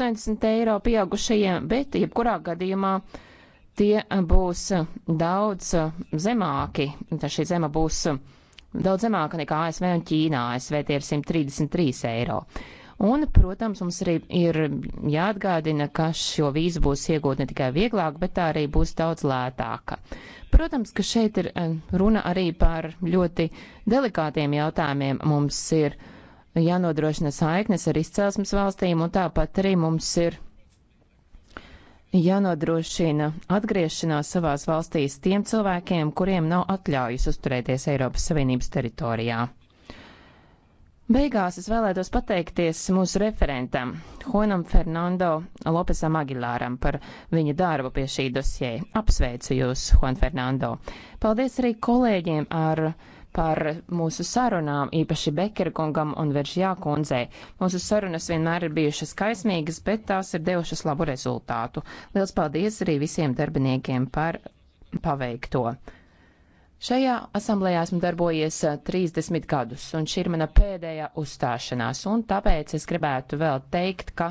80 eiro pieaugušajiem, bet jebkurā gadījumā tie būs daudz zemāki. Tā šī zema būs daudz zemāka nekā ASV un Ķīnā. ASV tie ir 133 eiro. Un, protams, mums arī ir jāatgādina, ka šo vīzu būs iegūt ne tikai vieglāk, bet tā arī būs daudz lētāka. Protams, ka šeit ir eh, runa arī par ļoti delikātiem jautājumiem. Mums ir uh, Nu, jānodrošina saiknes ar izcelsmes valstīm, un tāpat arī mums ir jānodrošina atgriešanās savās valstīs tiem cilvēkiem, kuriem nav atļaujas uzturēties Eiropas Savienības teritorijā. Beigās es vēlētos pateikties mūsu referentam, Juanam Fernando Lopesam Aguilāram par viņa darbu pie šī dosjē. Apsveicu jūs, Juan Fernando. Paldies arī kolēģiem ar par mūsu sarunām, īpaši Bekerkungam un Veržjā kundzei. Mūsu sarunas vienmēr ir bijušas kaismīgas, bet tās ir devušas labu rezultātu. Liels paldies arī visiem darbiniekiem par paveikto. Šajā asamblējā esmu darbojies 30 gadus, un šī ir mana pēdējā uzstāšanās, un tāpēc es gribētu vēl teikt, ka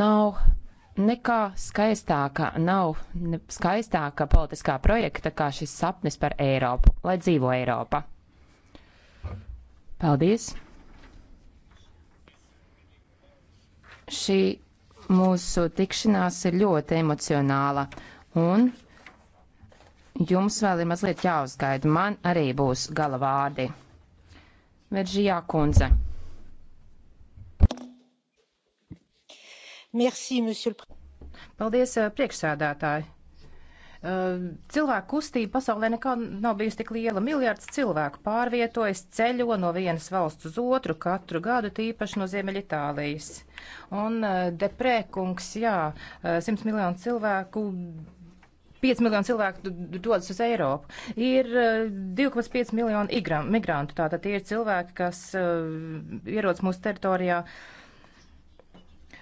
nav Nekā skaistāka nav ne skaistāka politiskā projekta kā šis sapnis par Eiropu, lai dzīvo Eiropa. Paldies! Šī mūsu tikšanās ir ļoti emocionāla, un jums vēl ir mazliet jāuzgaida. Man arī būs gala vārdi. Veržijā kundze. Merci, monsieur. Paldies, eh, priekšsēdētāji. Eh, cilvēku kustība pasaulē nekad nav bijusi tik liela. Miljards cilvēku pārvietojas, ceļo no vienas valsts uz otru katru gadu, tīpaši no Ziemeļitālijas. Un eh, deprēkungs, jā, 100 miljonu cilvēku 5 miljoni cilvēku dodas uz Eiropu. Ir 2,5 miljoni migrantu. Tātad tie ir cilvēki, kas uh, ierodas mūsu teritorijā uh,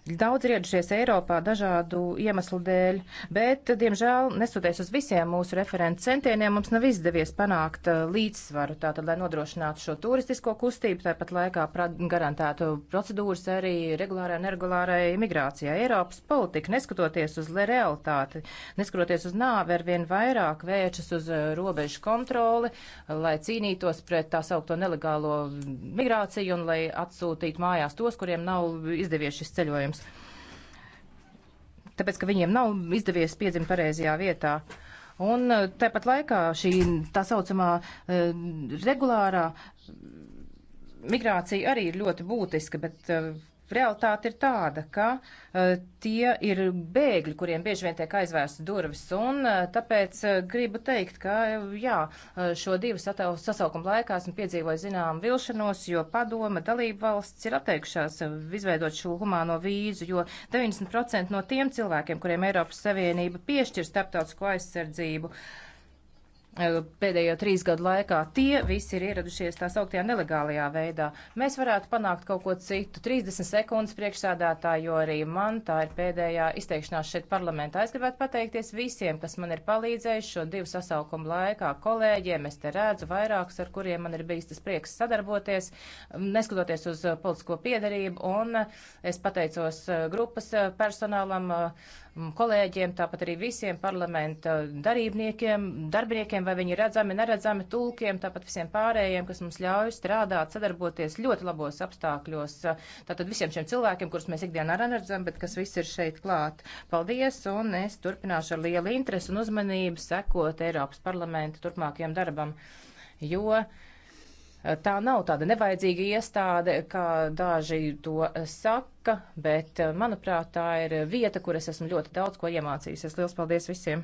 Daudz ir ieradušies Eiropā dažādu iemeslu dēļ, bet, diemžēl, nesoties uz visiem mūsu referentu centieniem, mums nav izdevies panākt uh, līdzsvaru, tātad, lai nodrošinātu šo turistisko kustību, tāpat laikā garantētu procedūras arī regulārai un neregulārai migrācijai. Eiropas politika, neskatoties uz realitāti, neskatoties uz nāvi, arvien vairāk vēršas uz uh, robežu kontroli, lai cīnītos pret tā saukto nelegālo migrāciju un lai atsūtītu mājās tos, kuriem nav izdevies šis ceļojums problēmas. Tāpēc, ka viņiem nav izdevies piedzimt pareizajā vietā. Un eh, tāpat laikā šī tā saucamā eh, regulārā eh, migrācija arī ir ļoti būtiska, bet Realtāte ir tāda, ka uh, tie ir bēgļi, kuriem bieži vien tiek aizvērsta durvis, un uh, tāpēc uh, gribu teikt, ka jā, šo divu sasaukumu laikā esmu piedzīvojis zinām vilšanos, jo padoma dalība valsts ir atteikušās izveidot šo humāno vīzu, jo 90% no tiem cilvēkiem, kuriem Eiropas Savienība piešķir starptautisko aizsardzību, uh, Eh, pēdējo trīs gadu laikā. Tie visi ir ieradušies tā sauktajā nelegālajā veidā. Mēs varētu panākt kaut ko citu. 30 sekundes priekšsādātā, jo arī man tā ir pēdējā izteikšanās šeit parlamentā. Es gribētu pateikties visiem, kas man ir palīdzējuši šo divu sasaukumu laikā. Kolēģiem es te redzu vairākus, ar kuriem man ir bijis tas prieks sadarboties, neskatoties uz eh, politisko piedarību. Un eh, es pateicos grupas personālam, kolēģiem, tāpat arī visiem parlamenta darībniekiem, darbiniekiem, vai viņi redzami, neredzami, tulkiem, tāpat visiem pārējiem, kas mums ļauj strādāt, sadarboties ļoti labos apstākļos. Tātad visiem šiem cilvēkiem, kurus mēs ikdienā neredzam, bet kas viss ir šeit klāt. Paldies, un es turpināšu ar lielu interesi un uzmanību sekot Eiropas parlamenta turpmākajam darbam, jo uh, Tā nav tāda nevajadzīga iestāde, kā daži to saka, bet, eh, manuprāt, tā ir vieta, kur es esmu ļoti daudz ko iemācījusies. Lielas paldies visiem!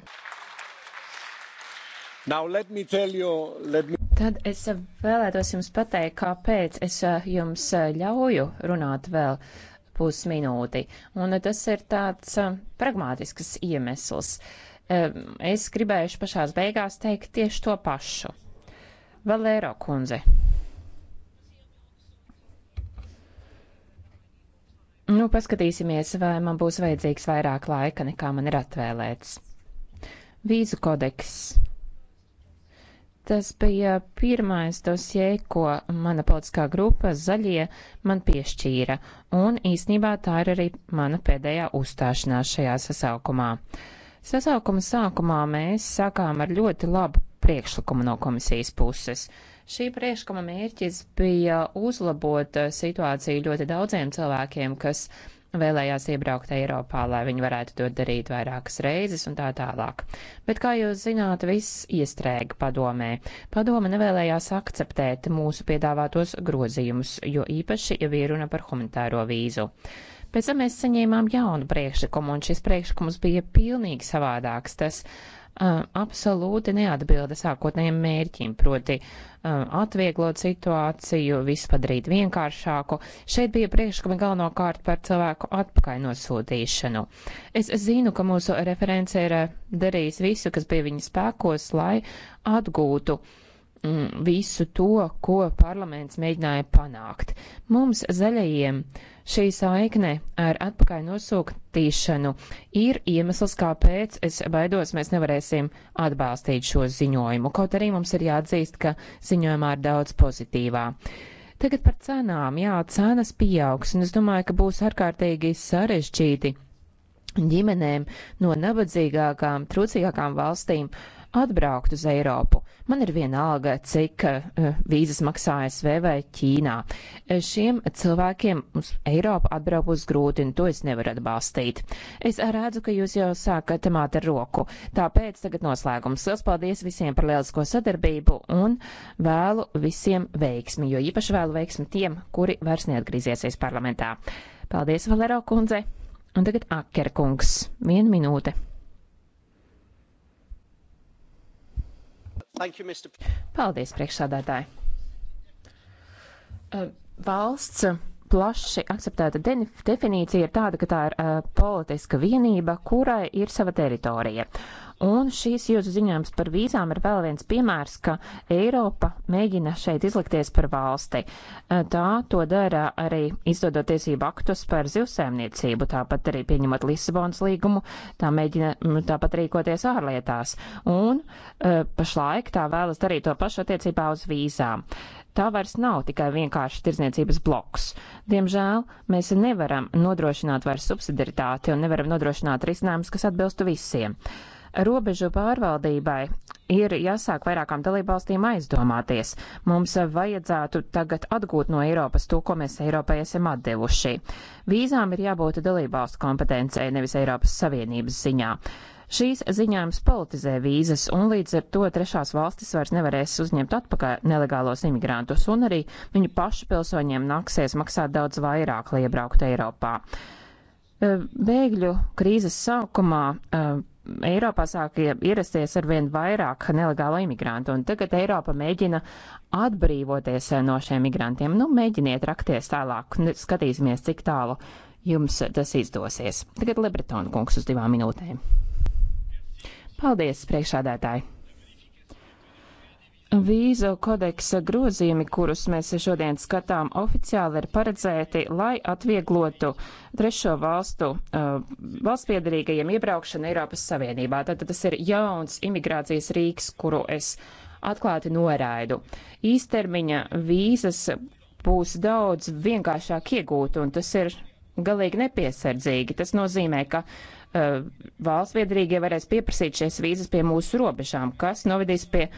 Now, let me tell you, let me... Tad es vēlētos jums pateikt, kāpēc es eh, jums eh, ļauju runāt vēl pusminūti. Un tas ir tāds pragmātisks iemesls. Es gribējuši pašās beigās teikt tieši to pašu. Valēro kundze. Nu, paskatīsimies, vai man būs vajadzīgs vairāk laika, nekā man ir atvēlēts. Vīzu kodeks. Tas bija pirmais dosie, ko mana politiskā grupa zaļie man piešķīra, un īsnībā tā ir arī mana pēdējā uzstāšanās šajā sasaukumā. Sasaukuma sākumā mēs sākām ar ļoti labu priekšlikumu no komisijas puses. Uh, Šī priekšlikuma mērķis bija uzlabot uh, situāciju ļoti daudziem cilvēkiem, kas vēlējās iebraukt Eiropā, lai viņi varētu to darīt vairākas reizes un tā tālāk. Bet, kā jūs zināt, viss iestrēga padomē. Padome nevēlējās akceptēt mūsu piedāvātos grozījumus, jo īpaši, ja bija runa par humanitāro vīzu. Pēc tam mēs saņēmām jaunu priekšlikumu, un šis priekšlikums bija pilnīgi savādāks. Tas uh, absolūti neatbilda sākotnējiem mērķim, proti atvieglot situāciju, visu padarīt vienkāršāku. Šeit bija priekšlikumi galvenokārt par cilvēku atpakaļ nosūtīšanu. Es zinu, ka mūsu referents ir darījis visu, kas bija viņa spēkos, lai atgūtu uh, visu to, ko parlaments mēģināja panākt. Mums zaļajiem šī saikne ar atpakaļ nosūktīšanu ir iemesls, kāpēc es baidos, mēs nevarēsim atbalstīt šo ziņojumu, kaut arī mums ir jāatzīst, ka ziņojumā ir daudz pozitīvā. Tagad par cenām. Jā, cenas pieaugs, un es domāju, ka būs ārkārtīgi sarežģīti ģimenēm no nabadzīgākām, trūcīgākām valstīm atbraukt uz Eiropu. Man ir vienalga, cik uh, vīzas maksā ASV vai Ķīnā. Eh, šiem cilvēkiem uz Eiropu atbraukt būs grūti, un to es nevaru atbalstīt. Es redzu, ka jūs jau sākat māt ar roku. Tāpēc tagad noslēgums. Lielas paldies visiem par lielisko sadarbību un vēlu visiem veiksmi, jo īpaši vēlu veiksmi tiem, kuri vairs neatgriezīsies parlamentā. Paldies, Valero kundze! Un tagad Akerkungs. Vienu minūte. Paldies, priekšsādātāji. Uh, valsts plaši akceptēta definīcija ir tāda, ka tā ir uh, politiska vienība, kurai ir sava teritorija. Un šīs jūsu ziņojums par vīzām ir vēl viens piemērs, ka Eiropa mēģina šeit izlikties par valsti. Tā to dara arī izdodot tiesību aktus par zivsēmniecību, tāpat arī pieņemot Lisabonas līgumu, tā mēģina tāpat rīkoties ārlietās. Un pašlaik tā vēlas darīt to pašu attiecībā uz vīzām. Tā vairs nav tikai vienkārši tirdzniecības bloks. Diemžēl mēs nevaram nodrošināt vairs subsidiaritāti un nevaram nodrošināt risinājumus, kas atbilstu visiem. Robežu pārvaldībai ir jāsāk vairākām dalībvalstīm aizdomāties. Mums vajadzētu tagad atgūt no Eiropas to, ko mēs Eiropai esam atdevuši. Vīzām ir jābūt dalībvalstu kompetencei, nevis Eiropas Savienības ziņā. Šīs ziņojums politizē vīzas, un līdz ar to trešās valstis vairs nevarēs uzņemt atpakaļ nelegālos imigrantus, un arī viņu pašu pilsoņiem nāksies maksāt daudz vairāk, lai iebrauktu Eiropā. E, bēgļu krīzes sākumā e, Eiropā sāk ierasties ar vien vairāk nelegālo imigrantu, un tagad Eiropa mēģina atbrīvoties no šiem migrantiem. Nu, mēģiniet rakties tālāk, skatīsimies, cik tālu jums tas izdosies. Tagad Lebretona kungs uz divām minūtēm. Paldies, priekšādētāji! Vīzu kodeksa grozījumi, kurus mēs šodien skatām, oficiāli ir paredzēti, lai atvieglotu trešo valstu uh, valstspiedarīgajiem iebraukšanu Eiropas Savienībā. Tātad tas ir jauns imigrācijas rīks, kuru es atklāti noraidu. Īstermiņa vīzas būs daudz vienkāršāk iegūt, un tas ir galīgi nepiesardzīgi. Tas nozīmē, ka Eh, valstsviedrīgie varēs pieprasīt šīs vīzas pie mūsu robežām, kas novedīs pie uh,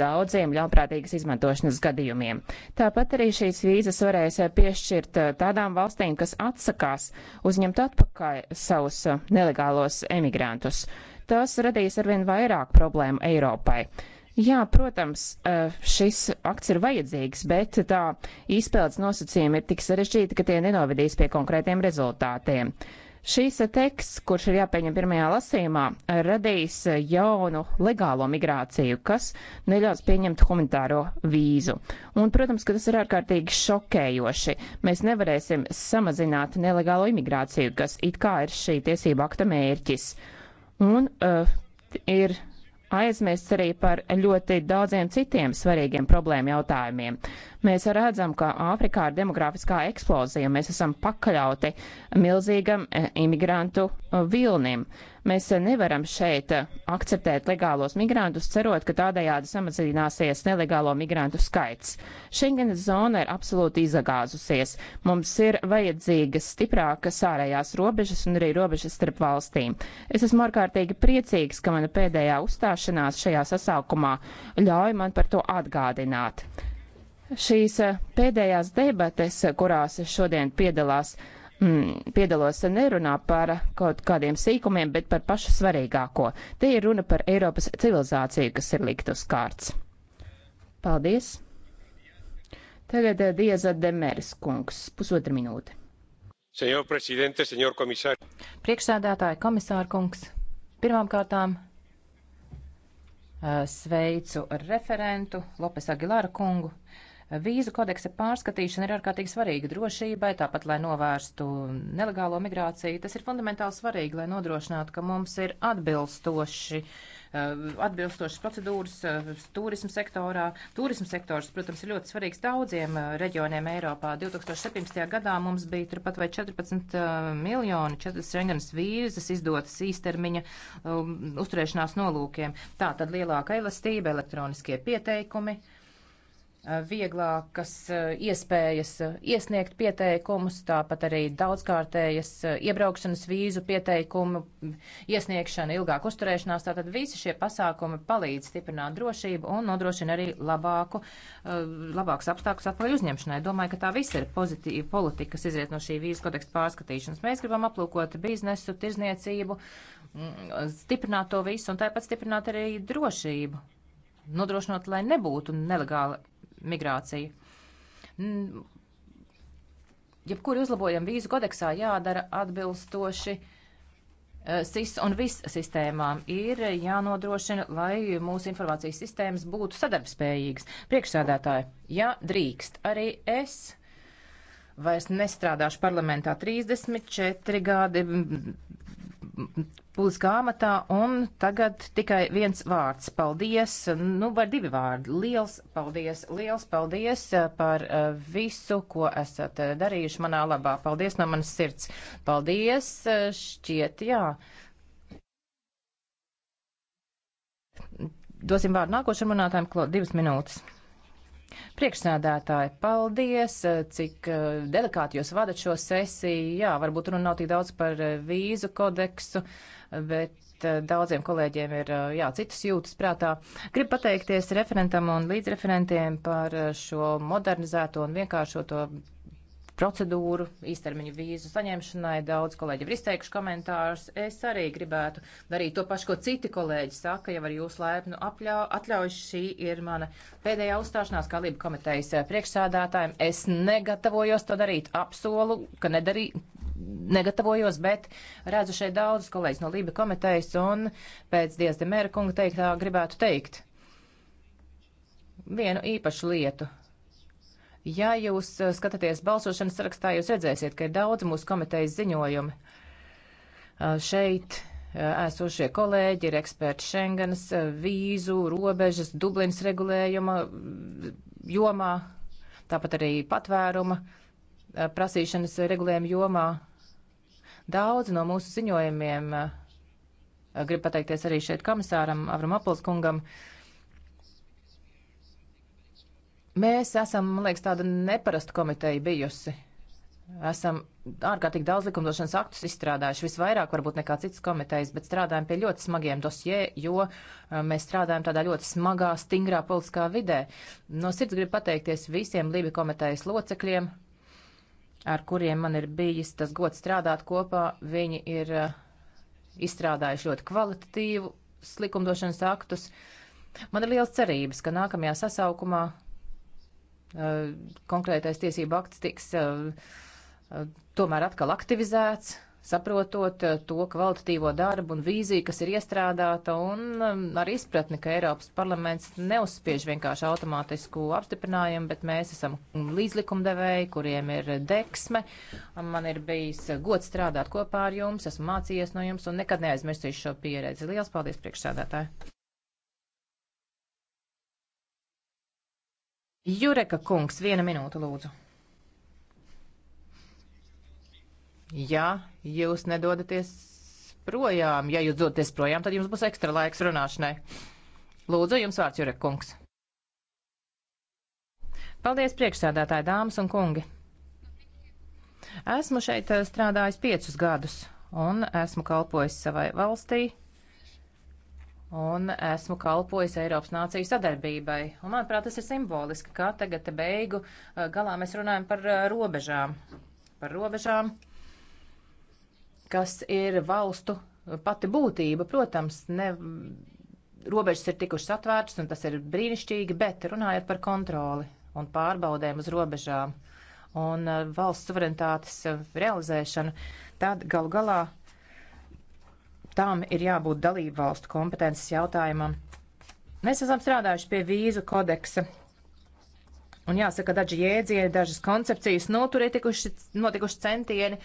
daudziem ļaunprātīgas izmantošanas gadījumiem. Tāpat arī šīs vīzas varēs eh, piešķirt tādām valstīm, kas atsakās uzņemt atpakaļ savus nelegālos emigrantus. Tas radīs arvien vairāk problēmu Eiropai. Jā, protams, šis akts ir vajadzīgs, bet tā izpildes nosacījumi ir tik sarežģīti, ka tie nenovedīs pie konkrētiem rezultātiem. Uh, Šīs teksts, kurš ir jāpieņem pirmajā lasījumā, radīs jaunu legālo migrāciju, kas neļaus pieņemt humanitāro vīzu. Un, protams, ka tas ir ārkārtīgi šokējoši. Mēs nevarēsim samazināt nelegālo imigrāciju, kas it kā ir šī tiesība akta mērķis. Un uh, ir aizmirsts arī par ļoti daudziem citiem svarīgiem problēmu jautājumiem. Mēs redzam, ka Āfrikā ir demografiskā eksplozija. Mēs esam pakaļauti milzīgam e, imigrantu e, vilnim. Mēs nevaram šeit e, akceptēt legālos migrantus, cerot, ka tādējādi samazināsies nelegālo migrantu skaits. Šengenes zona ir absolūti izagāzusies. Mums ir vajadzīgas stiprākas ārējās robežas un arī robežas starp valstīm. Es esmu ārkārtīgi priecīgs, ka mana pēdējā uzstāšanās šajā sasaukumā ļauj man par to atgādināt. Šīs eh, pēdējās debates, kurās es šodien piedalās, mm, piedalos nerunā par kaut kādiem sīkumiem, bet par pašu svarīgāko. Te ir runa par Eiropas civilizāciju, kas ir likt uz kārts. Paldies! Tagad eh, Dieza Demeris kungs, pusotra minūte. Senjor prezidente, senjor komisāri. Priekšsēdētāji, komisāra kungs, pirmām kārtām eh, sveicu referentu Lopes Agilāra kungu. Vīzu kodeksa pārskatīšana ir ārkārtīgi svarīga drošībai, tāpat, lai novērstu nelegālo migrāciju. Tas ir fundamentāli svarīgi, lai nodrošinātu, ka mums ir atbilstoši eh, atbilstošas procedūras eh, turismu sektorā. Turismu sektors, protams, ir ļoti svarīgs daudziem eh, reģioniem Eiropā. 2017. gadā mums bija turpat vai 14 miljoni 4 Schengenas vīzas izdotas īstermiņa um, uzturēšanās nolūkiem. Tā tad lielāka elastība, elektroniskie pieteikumi. Uh, Eh, vieglākas eh, iespējas eh, iesniegt pieteikumus, tāpat arī daudzkārtējas iebraukšanas vīzu pieteikumu iesniegšana, ilgāk uzturēšanās. Tātad visi šie pasākumi palīdz stiprināt drošību un nodrošina arī labāku, labākus apstākļus atpakaļ uzņemšanai. Domāju, ka tā viss ir pozitīva politika, kas izriet no šī vīzu kodeksta pārskatīšanas. Mēs gribam aplūkot biznesu, tirzniecību, mm, stiprināt to visu un tāpat stiprināt arī drošību nodrošinot, lai nebūtu nelegāla migrāciju. Jebkur uzlabojam vīzu kodeksā jādara atbilstoši eh, SIS un VIS sistēmām ir jānodrošina, lai mūsu informācijas sistēmas būtu sadarbspējīgas. Priekšsēdētāji, ja drīkst, arī es vairs nestrādāšu parlamentā 34 gadi publiskā amatā, un tagad tikai viens vārds. Paldies, nu var divi vārdi. Liels paldies, liels paldies eh, par eh, visu, ko esat eh, darījuši manā labā. Paldies no manas sirds. Paldies, šķiet, jā. Dosim vārdu nākošam runātājam, divas minūtes. Priekšsēdētāji, paldies, eh, cik eh, delikāti jūs vadat šo sesiju. Jā, varbūt runa nav tik daudz par eh, vīzu kodeksu, bet daudziem kolēģiem ir jā, citas jūtas prātā. Gribu pateikties referentam un līdzreferentiem par šo modernizēto un vienkāršoto procedūru īstermiņu vīzu saņemšanai. Daudz kolēģi ir izteikuši komentārus. Es arī gribētu darīt to pašu, ko citi kolēģi saka, ja var jūs laipnu atļauju. Šī ir mana pēdējā uzstāšanās kā Lība komitejas eh, priekšsādātājiem. Es negatavojos to darīt, apsolu, ka nedarīju negatavojos, bet redzu šeit daudzus kolēģus no Lība komitejas un pēc Dievs Demēra kunga teiktā gribētu teikt vienu īpašu lietu. Ja jūs eh, skatāties balsošanas sarakstā, jūs redzēsiet, ka ir daudz mūsu komitejas ziņojumi. Eh, šeit eh, esošie kolēģi ir eksperti Schengenas, vīzu, robežas, Dublinas regulējuma mm, jomā, tāpat arī patvēruma prasīšanas regulējuma jomā. Daudz no mūsu ziņojumiem, grib pateikties arī šeit komisāram Avram Apelskungam, uh, Mēs esam, man liekas, tāda neparasta komiteja bijusi. Esam ārkārtīgi daudz likumdošanas aktus izstrādājuši, visvairāk varbūt nekā citas komitejas, bet strādājam pie ļoti smagiem dosjē, jo uh, mēs strādājam tādā ļoti smagā, stingrā politiskā vidē. No sirds gribu pateikties visiem Lībi komitejas locekļiem, ar kuriem man ir bijis tas gods strādāt kopā. Viņi ir uh, izstrādājuši ļoti kvalitatīvu likumdošanas aktus. Man ir liels cerības, ka nākamajā sasaukumā Eh, konkrētais tiesība akts tiks eh, eh, tomēr atkal aktivizēts, saprotot to kvalitatīvo darbu un vīziju, kas ir iestrādāta, un um, ar izpratni, ka Eiropas parlaments neuzspiež vienkārši automātisku apstiprinājumu, bet mēs esam līdzlikumdevēji, kuriem ir deksme. Man ir bijis gods strādāt kopā ar jums, esmu mācījies no jums un nekad neaizmirsīšu šo pieredzi. Lielas paldies priekšsēdētāji! Jureka kungs, viena minūte lūdzu. Ja jūs nedodaties projām, ja jūs dodaties projām, tad jums būs ekstra laiks runāšanai. Lūdzu, jums vārds Jurek kungs. Paldies priekšsēdētāji dāmas un kungi. Esmu šeit eh, strādājis piecus gadus un esmu kalpojis savai valstī un esmu kalpojis Eiropas nāciju sadarbībai. Un, manuprāt, tas ir simboliski, kā tagad beigu eh, galā mēs runājam par eh, robežām. Par robežām, kas ir valstu eh, pati būtība, protams, ne, robežas ir tikušas atvērtas, un tas ir brīnišķīgi, bet runājot par kontroli un pārbaudēm uz robežām un valsts suverenitātes realizēšanu, tad gal galā Tām ir jābūt dalību valstu kompetences jautājumam. Mēs esam strādājuši pie vīzu kodeksa. Un jāsaka, daži jēdzieni, dažas koncepcijas, nu, tur ir tikuši, notikuši centieni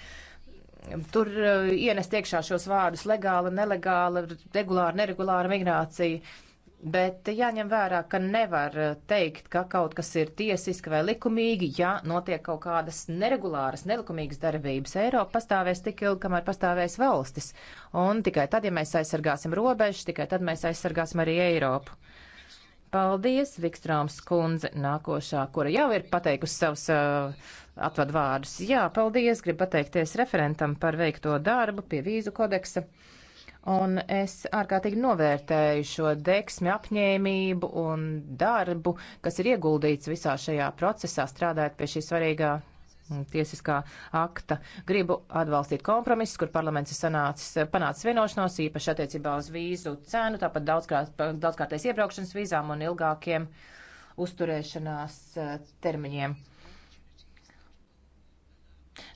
tur uh, ienest iekšā šos vārdus - legāla, nelegāla, regulāra, neregulāra migrācija. Uh, Bet jāņem vērā, ka nevar teikt, ka kaut kas ir tiesiski vai likumīgi, ja notiek kaut kādas neregulāras, nelikumīgas darbības. Eiropa pastāvēs tik ilgi, kamēr pastāvēs valstis. Un tikai tad, ja mēs aizsargāsim robežas, tikai tad mēs aizsargāsim arī Eiropu. Paldies, Vikstrāms kundze, nākošā, kura jau ir pateikusi savus uh, atvadu vārdus. Jā, paldies, gribu pateikties referentam par veikto darbu pie vīzu kodeksa. Uh, Un es ārkārtīgi novērtēju šo deksmi, apņēmību un darbu, kas ir ieguldīts visā šajā procesā, strādājot pie šī svarīgā mm, tiesiskā akta. Gribu atbalstīt kompromisus, kur parlaments ir sanācis, panācis vienošanos, īpaši attiecībā uz vīzu cenu, tāpat daudzkārt, daudzkārtais iebraukšanas vīzām un ilgākiem uzturēšanās eh, termiņiem.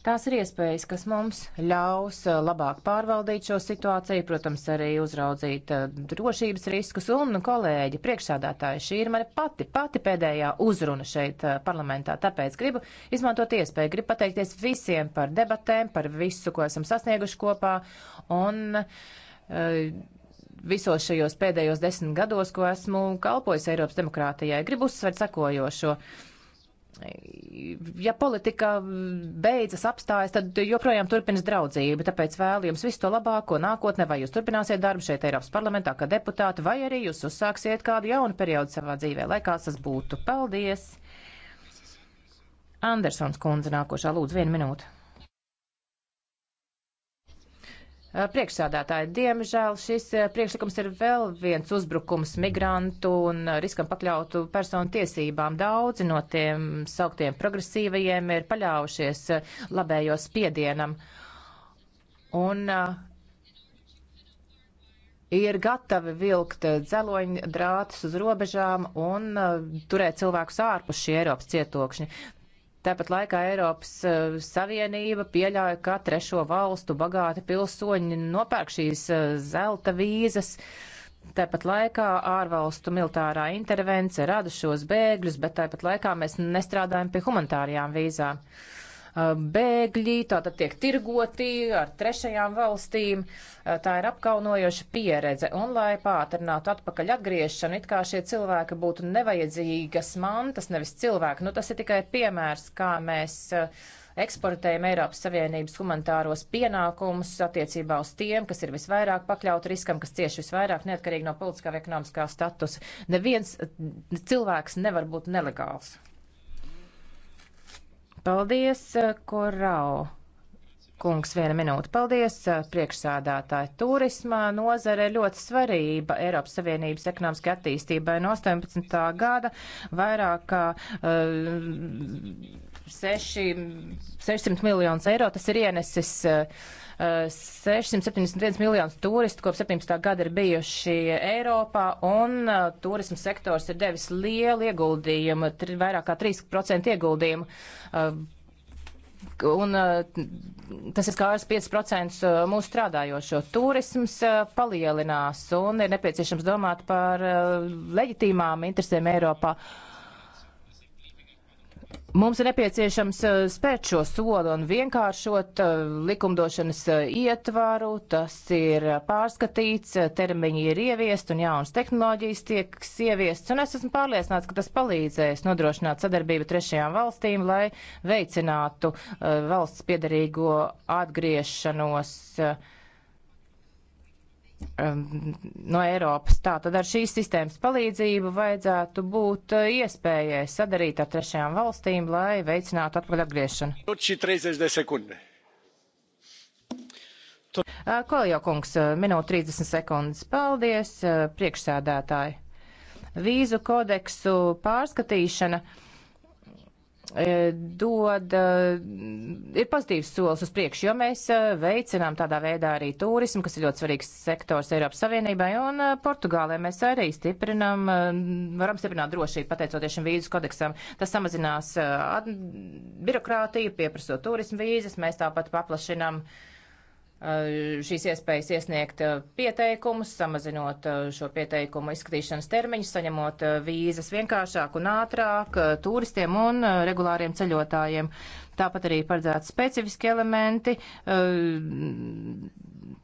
Tās ir iespējas, kas mums ļaus eh, labāk pārvaldīt šo situāciju, protams, arī uzraudzīt eh, drošības riskus. Un, nu, kolēģi, priekšsādātāji, šī ir mana pati, pati pēdējā uzruna šeit eh, parlamentā. Tāpēc gribu izmantot iespēju, gribu pateikties visiem par debatēm, par visu, ko esam sasnieguši kopā. Un, Visos šajos pēdējos desmit gados, ko esmu kalpojis Eiropas demokrātijai, gribu uzsvērt sakojošo. Uh, ja politika beidzas, apstājas, tad joprojām turpinās draudzība. Tāpēc vēlu jums visu to labāko nākotnē, vai jūs turpināsiet darbu šeit Eiropas parlamentā kā deputāti, vai arī jūs uzsāksiet kādu jaunu periodu savā dzīvē, lai kāds tas būtu. Paldies! Andersons kundze nākošā lūdzu vienu minūtu. Eh, priekšsādātāji, diemžēl šis eh, priekšlikums ir vēl viens uzbrukums migrantu un eh, riskam pakļautu personu tiesībām. Daudzi no tiem sauktiem progresīvajiem ir paļaujušies labējo spiedienam. Un ir gatavi vilkt dzeloņu drātus uz robežām un turēt cilvēkus ārpus šī Eiropas cietokšņa. Tāpat laikā Eiropas uh, Savienība pieļauj, ka trešo valstu bagāti pilsoņi nopērk šīs uh, zelta vīzas. Tāpat laikā ārvalstu militārā intervence rada šos bēgļus, bet tāpat laikā mēs nestrādājam pie humanitārajām vīzām. Uh, Uh, bēgļi, tātad tiek tirgoti ar trešajām valstīm. Uh, tā ir apkaunojoša pieredze. Un, lai pātrinātu atpakaļ atgriešanu, it kā šie cilvēki būtu nevajadzīgas mantas, nevis cilvēki. Nu, tas ir tikai piemērs, kā mēs uh, eksportējam Eiropas Savienības humanitāros pienākumus attiecībā uz tiem, kas ir visvairāk pakļauti riskam, kas cieši visvairāk neatkarīgi no politiskā vai ekonomiskā statusa. Neviens cilvēks nevar būt nelegāls. Paldies, eh, Korau. Kungs, viena minūte. Paldies, eh, priekšsādātāji. Turismā nozare ļoti svarība Eiropas Savienības ekonomiskai attīstībai no 18. gada vairāk kā. Uh, eh, 6, 600 miljonus eiro. Tas ir ienesis 671 eh, eh, miljonus turistu, kopš 17. gada ir bijuši Eiropā, un eh, turismu sektors ir devis lielu ieguldījumu, vairāk kā 3% ieguldījumu. Un tas ir skārs 5% mūsu strādājošo. Turisms palielinās un ir nepieciešams domāt par leģitīmām interesēm Eiropā. Uh, Mums ir nepieciešams eh, spērt šo soli un vienkāršot eh, likumdošanas eh, ietvaru. Tas ir pārskatīts, termiņi ir ieviest un jaunas tehnoloģijas tiek ieviestas. Un es esmu pārliecināts, ka tas palīdzēs nodrošināt sadarbību trešajām valstīm, lai veicinātu valsts piedarīgo atgriešanos. Uh, Um, no Eiropas. Tātad ar šīs sistēmas palīdzību vajadzētu būt uh, iespējai sadarīt ar trešajām valstīm, lai veicinātu atpakaļ atgriešanu. Uh, Koljo kungs, uh, minūte 30 sekundes. Paldies, priekšsēdētāji. Vīzu kodeksu pārskatīšana E, dod, e, ir pozitīvs solis uz priekšu, jo mēs e, veicinām tādā veidā arī turismu, kas ir ļoti svarīgs sektors Eiropas Savienībai, un Portugālē mēs arī stiprinam, varam stiprināt drošību pateicoties šim vīzu kodeksam. Tas samazinās birokrātiju, pieprasot turismu vīzes, mēs tāpat paplašinām uh, Eh, šīs iespējas iesniegt eh, pieteikumus, samazinot eh, šo pieteikumu izskatīšanas termiņu, saņemot vīzas vienkāršāk un ātrāk turistiem un regulāriem ceļotājiem. Tāpat arī paredzēti specifiski elementi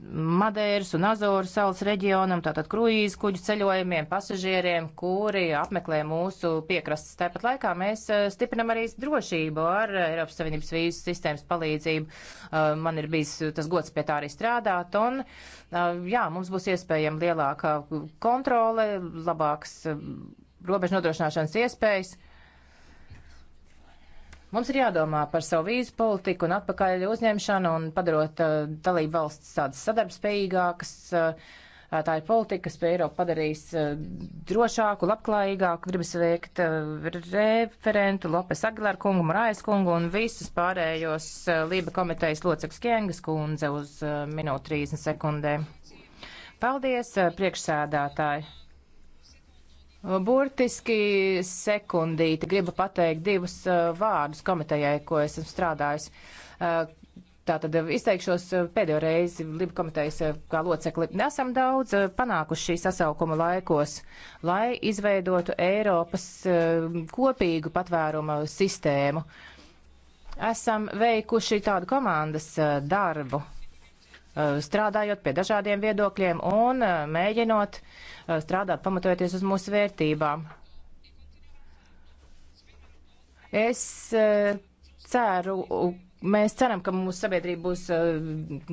Madeiras un Azoru salas reģionam, tātad kruīz kuģu ceļojumiem, pasažieriem, kuri apmeklē mūsu piekrastes. Tāpat laikā mēs eh, stiprinam arī drošību ar eh, Eiropas Savienības vīzu sistēmas palīdzību. Eh, man ir bijis tas gods pie tā arī strādāt, un jā, mums būs iespējama lielāka kontrole, labāks robežu nodrošināšanas iespējas. Mums ir jādomā par savu vīzu politiku un atpakaļ uzņemšanu un padarot uh, dalību valsts tādas sadarbspējīgākas. Uh, tā ir politika, kas Eiropu padarīs uh, drošāku, labklājīgāku. Gribas veikt uh, referentu Lopes Agilar kungu, Marais kungu un visus pārējos uh, Lība komitejas locekļus Kiengas kundze uz minūtu 30 sekundēm. Paldies, priekšsēdātāji! Burtiski sekundīti gribu pateikt divus uh, vārdus komitejai, ko esmu strādājis. Uh, Tātad izteikšos uh, pēdējo reizi Libu komitejas uh, kā locekli. Nesam daudz uh, panākuši šī sasaukuma laikos, lai izveidotu Eiropas uh, kopīgu patvērumu sistēmu. Esam veikuši tādu komandas darbu, Uh, strādājot pie dažādiem viedokļiem un uh, mēģinot uh, strādāt pamatojoties uz mūsu vērtībām. Es ceru, Mēs ceram, ka mūsu sabiedrība būs eh,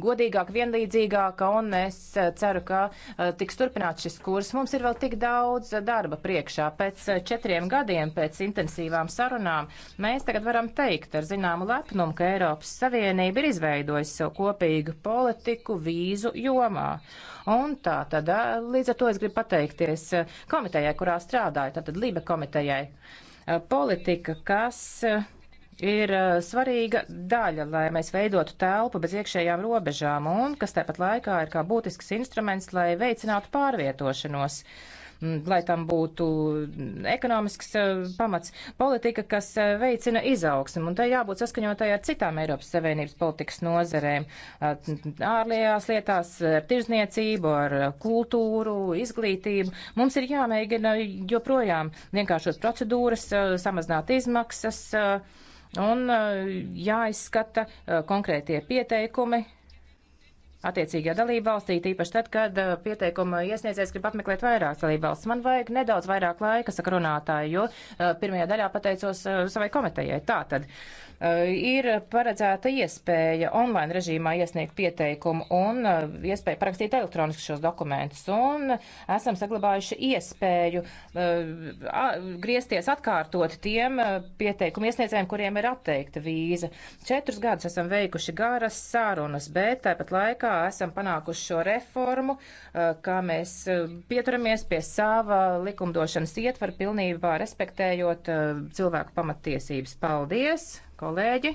godīgāka, vienlīdzīgāka, un es eh, ceru, ka eh, tiks turpināts šis kurs. Mums ir vēl tik daudz darba priekšā. Pēc četriem gadiem, pēc intensīvām sarunām, mēs tagad varam teikt ar zināmu lepnumu, ka Eiropas Savienība ir izveidojusi savu kopīgu politiku vīzu jomā. Un tā tad līdz ar to es gribu pateikties komitejai, kurā strādāju, tātad Lība komitejai. Politika, kas ir eh, svarīga daļa, lai mēs veidotu telpu bez iekšējām robežām un kas tāpat laikā ir kā būtisks instruments, lai veicinātu pārvietošanos. Lai tam būtu ekonomisks eh, pamats, politika, kas eh, veicina izaugsmu, un tai jābūt saskaņotai ar citām Eiropas Savienības politikas nozerēm - ārlējās lietās, ar tirzniecību, ar kultūru, izglītību. Mums ir jāmēģina joprojām vienkāršot procedūras, samazināt izmaksas, uh, un eh, jāizskata eh, konkrētie pieteikumi attiecīgajā dalībvalstī, tīpaši tad, kad eh, pieteikuma iesniedzējs grib apmeklēt vairākas dalībvalstis. Man vajag nedaudz vairāk laika, saka runātāji, jo pirmajā daļā pateicos savai komitejai. Tātad ir paredzēta iespēja online režīmā iesniegt pieteikumu un iespēja parakstīt elektroniski šos dokumentus. Un esam saglabājuši iespēju griezties atkārtot tiem pieteikumu iesniedzējiem, kuriem ir atteikta vīza. Četrus gadus esam veikuši garas sārunas, bet tāpat laikā esam panākuši šo reformu, kā mēs pieturamies pie sava likumdošanas ietvara pilnībā respektējot cilvēku pamatiesības. Paldies! Kolēģi!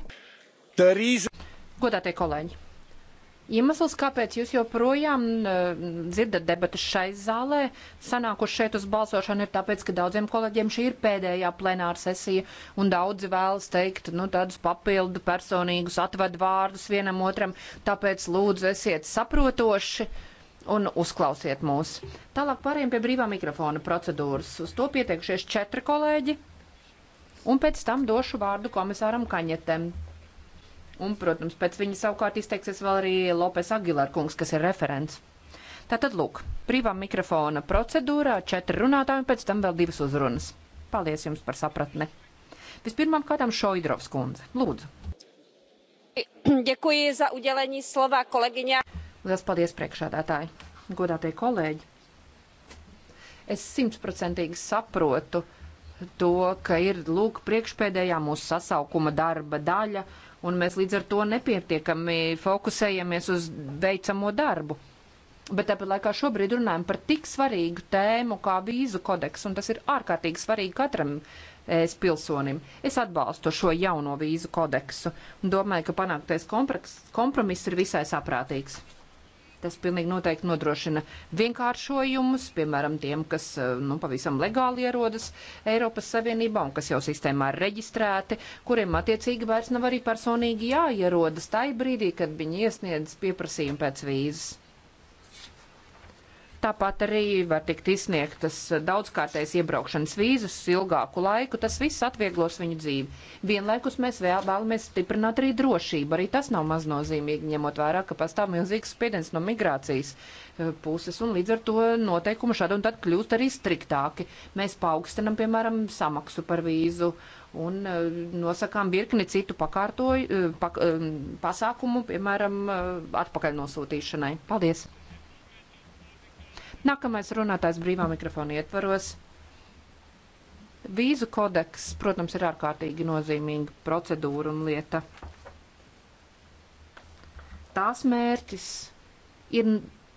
Godātie kolēģi! Iemesls, kāpēc jūs joprojām uh, dzirdat debatas šai zālē, sanākuši šeit uz balsošanu, ir tāpēc, ka daudziem kolēģiem šī ir pēdējā plenāra sesija, un daudzi vēlas teikt, nu, tādus papildu personīgus atvadu vārdus vienam otram, tāpēc lūdzu esiet saprotoši un uzklausiet mūs. Tālāk pāriem pie brīvā mikrofona procedūras. Uz to pieteikušies četri kolēģi un pēc tam došu vārdu komisāram Kaņetem. Un, protams, pēc viņa savukārt izteiksies vēl arī Lopes Agilār kungs, kas ir referents. Tātad, lūk, privā mikrofona procedūrā četri runātāji un pēc tam vēl divas uzrunas. Paldies jums par sapratni. Vispirmām kādām Šoidrovs kundze. Lūdzu. Ďakujem za udelení slova, kolegyňa. Lielas paldies priekšādātāji, godātie kolēģi. Es simtprocentīgi saprotu, uh, to, ka ir lūk priekšpēdējā mūsu sasaukuma darba daļa, un mēs līdz ar to nepietiekami fokusējamies uz veicamo darbu. Bet tāpat laikā šobrīd runājam par tik svarīgu tēmu kā vīzu kodeks, un tas ir ārkārtīgi svarīgi katram es pilsonim. Es atbalstu šo jauno vīzu kodeksu un domāju, ka panāktais kompromiss ir visai saprātīgs. Tas pilnīgi noteikti nodrošina vienkāršojumus, piemēram, tiem, kas eh, nu, pavisam legāli ierodas Eiropas Savienībā un kas jau sistēmā ir reģistrēti, kuriem attiecīgi vairs nav arī personīgi jāierodas tajā brīdī, kad viņi iesniedz pieprasījumu pēc vīzes. Tāpat arī var tikt izsniegtas daudzkārtējas iebraukšanas vīzas uz ilgāku laiku. Tas viss atvieglos viņu dzīvi. Vienlaikus mēs vēl vēlamies stiprināt arī drošību. Arī tas nav maznozīmīgi, ņemot vērā, ka pastāv milzīgs spiediens no migrācijas eh, puses, un līdz ar to noteikumi šādi un tad kļūst arī striktāki. Mēs paaugstinam, piemēram, samaksu par vīzu un eh, nosakām virkni citu pakārtoju, eh, pak, pasākumu, piemēram, atpakaļ nosūtīšanai. Paldies! Nākamais runātājs brīvā mikrofona ietvaros. Vīzu kodeks, protams, ir ārkārtīgi nozīmīga procedūra un lieta. Tās mērķis ir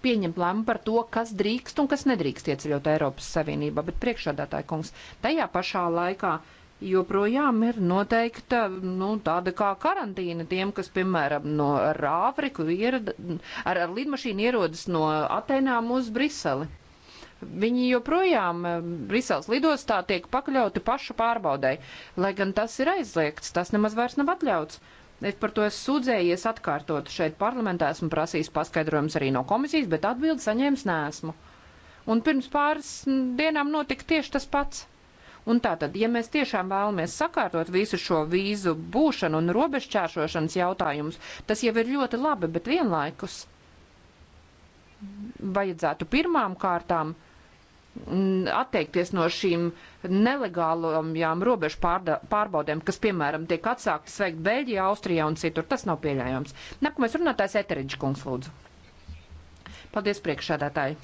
pieņemt lēmumu par to, kas drīkst un kas nedrīkst ieceļot Eiropas Savienībā, bet priekšādātāja kungs tajā pašā laikā joprojām ir noteikta nu, tāda kā karantīna tiem, kas, piemēram, no Āfriku ierada, ar, ar lidmašīnu ierodas no Atenām uz Briseli. Viņi joprojām um, Briseles lidostā tiek pakļauti pašu pārbaudai, lai gan tas ir aizliegts, tas nemaz vairs nav atļauts. Es par to esmu sūdzējies atkārtot šeit parlamentā, esmu prasījis paskaidrojums arī no komisijas, bet atbildi saņēmis nesmu. Un pirms pāris mm, dienām notika tieši tas pats. Un tātad, ja mēs tiešām vēlamies sakārtot visu šo vīzu būšanu un robežķēršošanas jautājumus, tas jau ir ļoti labi, bet vienlaikus vajadzētu pirmām kārtām mm, atteikties no šīm nelegālajām robežu pārbaudēm, kas, piemēram, tiek atsāktas veikt Beļģijā, Austrijā un citur. Tas nav pieļaujams. Nākamais runātājs Eteriģis Kungs, lūdzu. Paldies, priekšsēdētāji!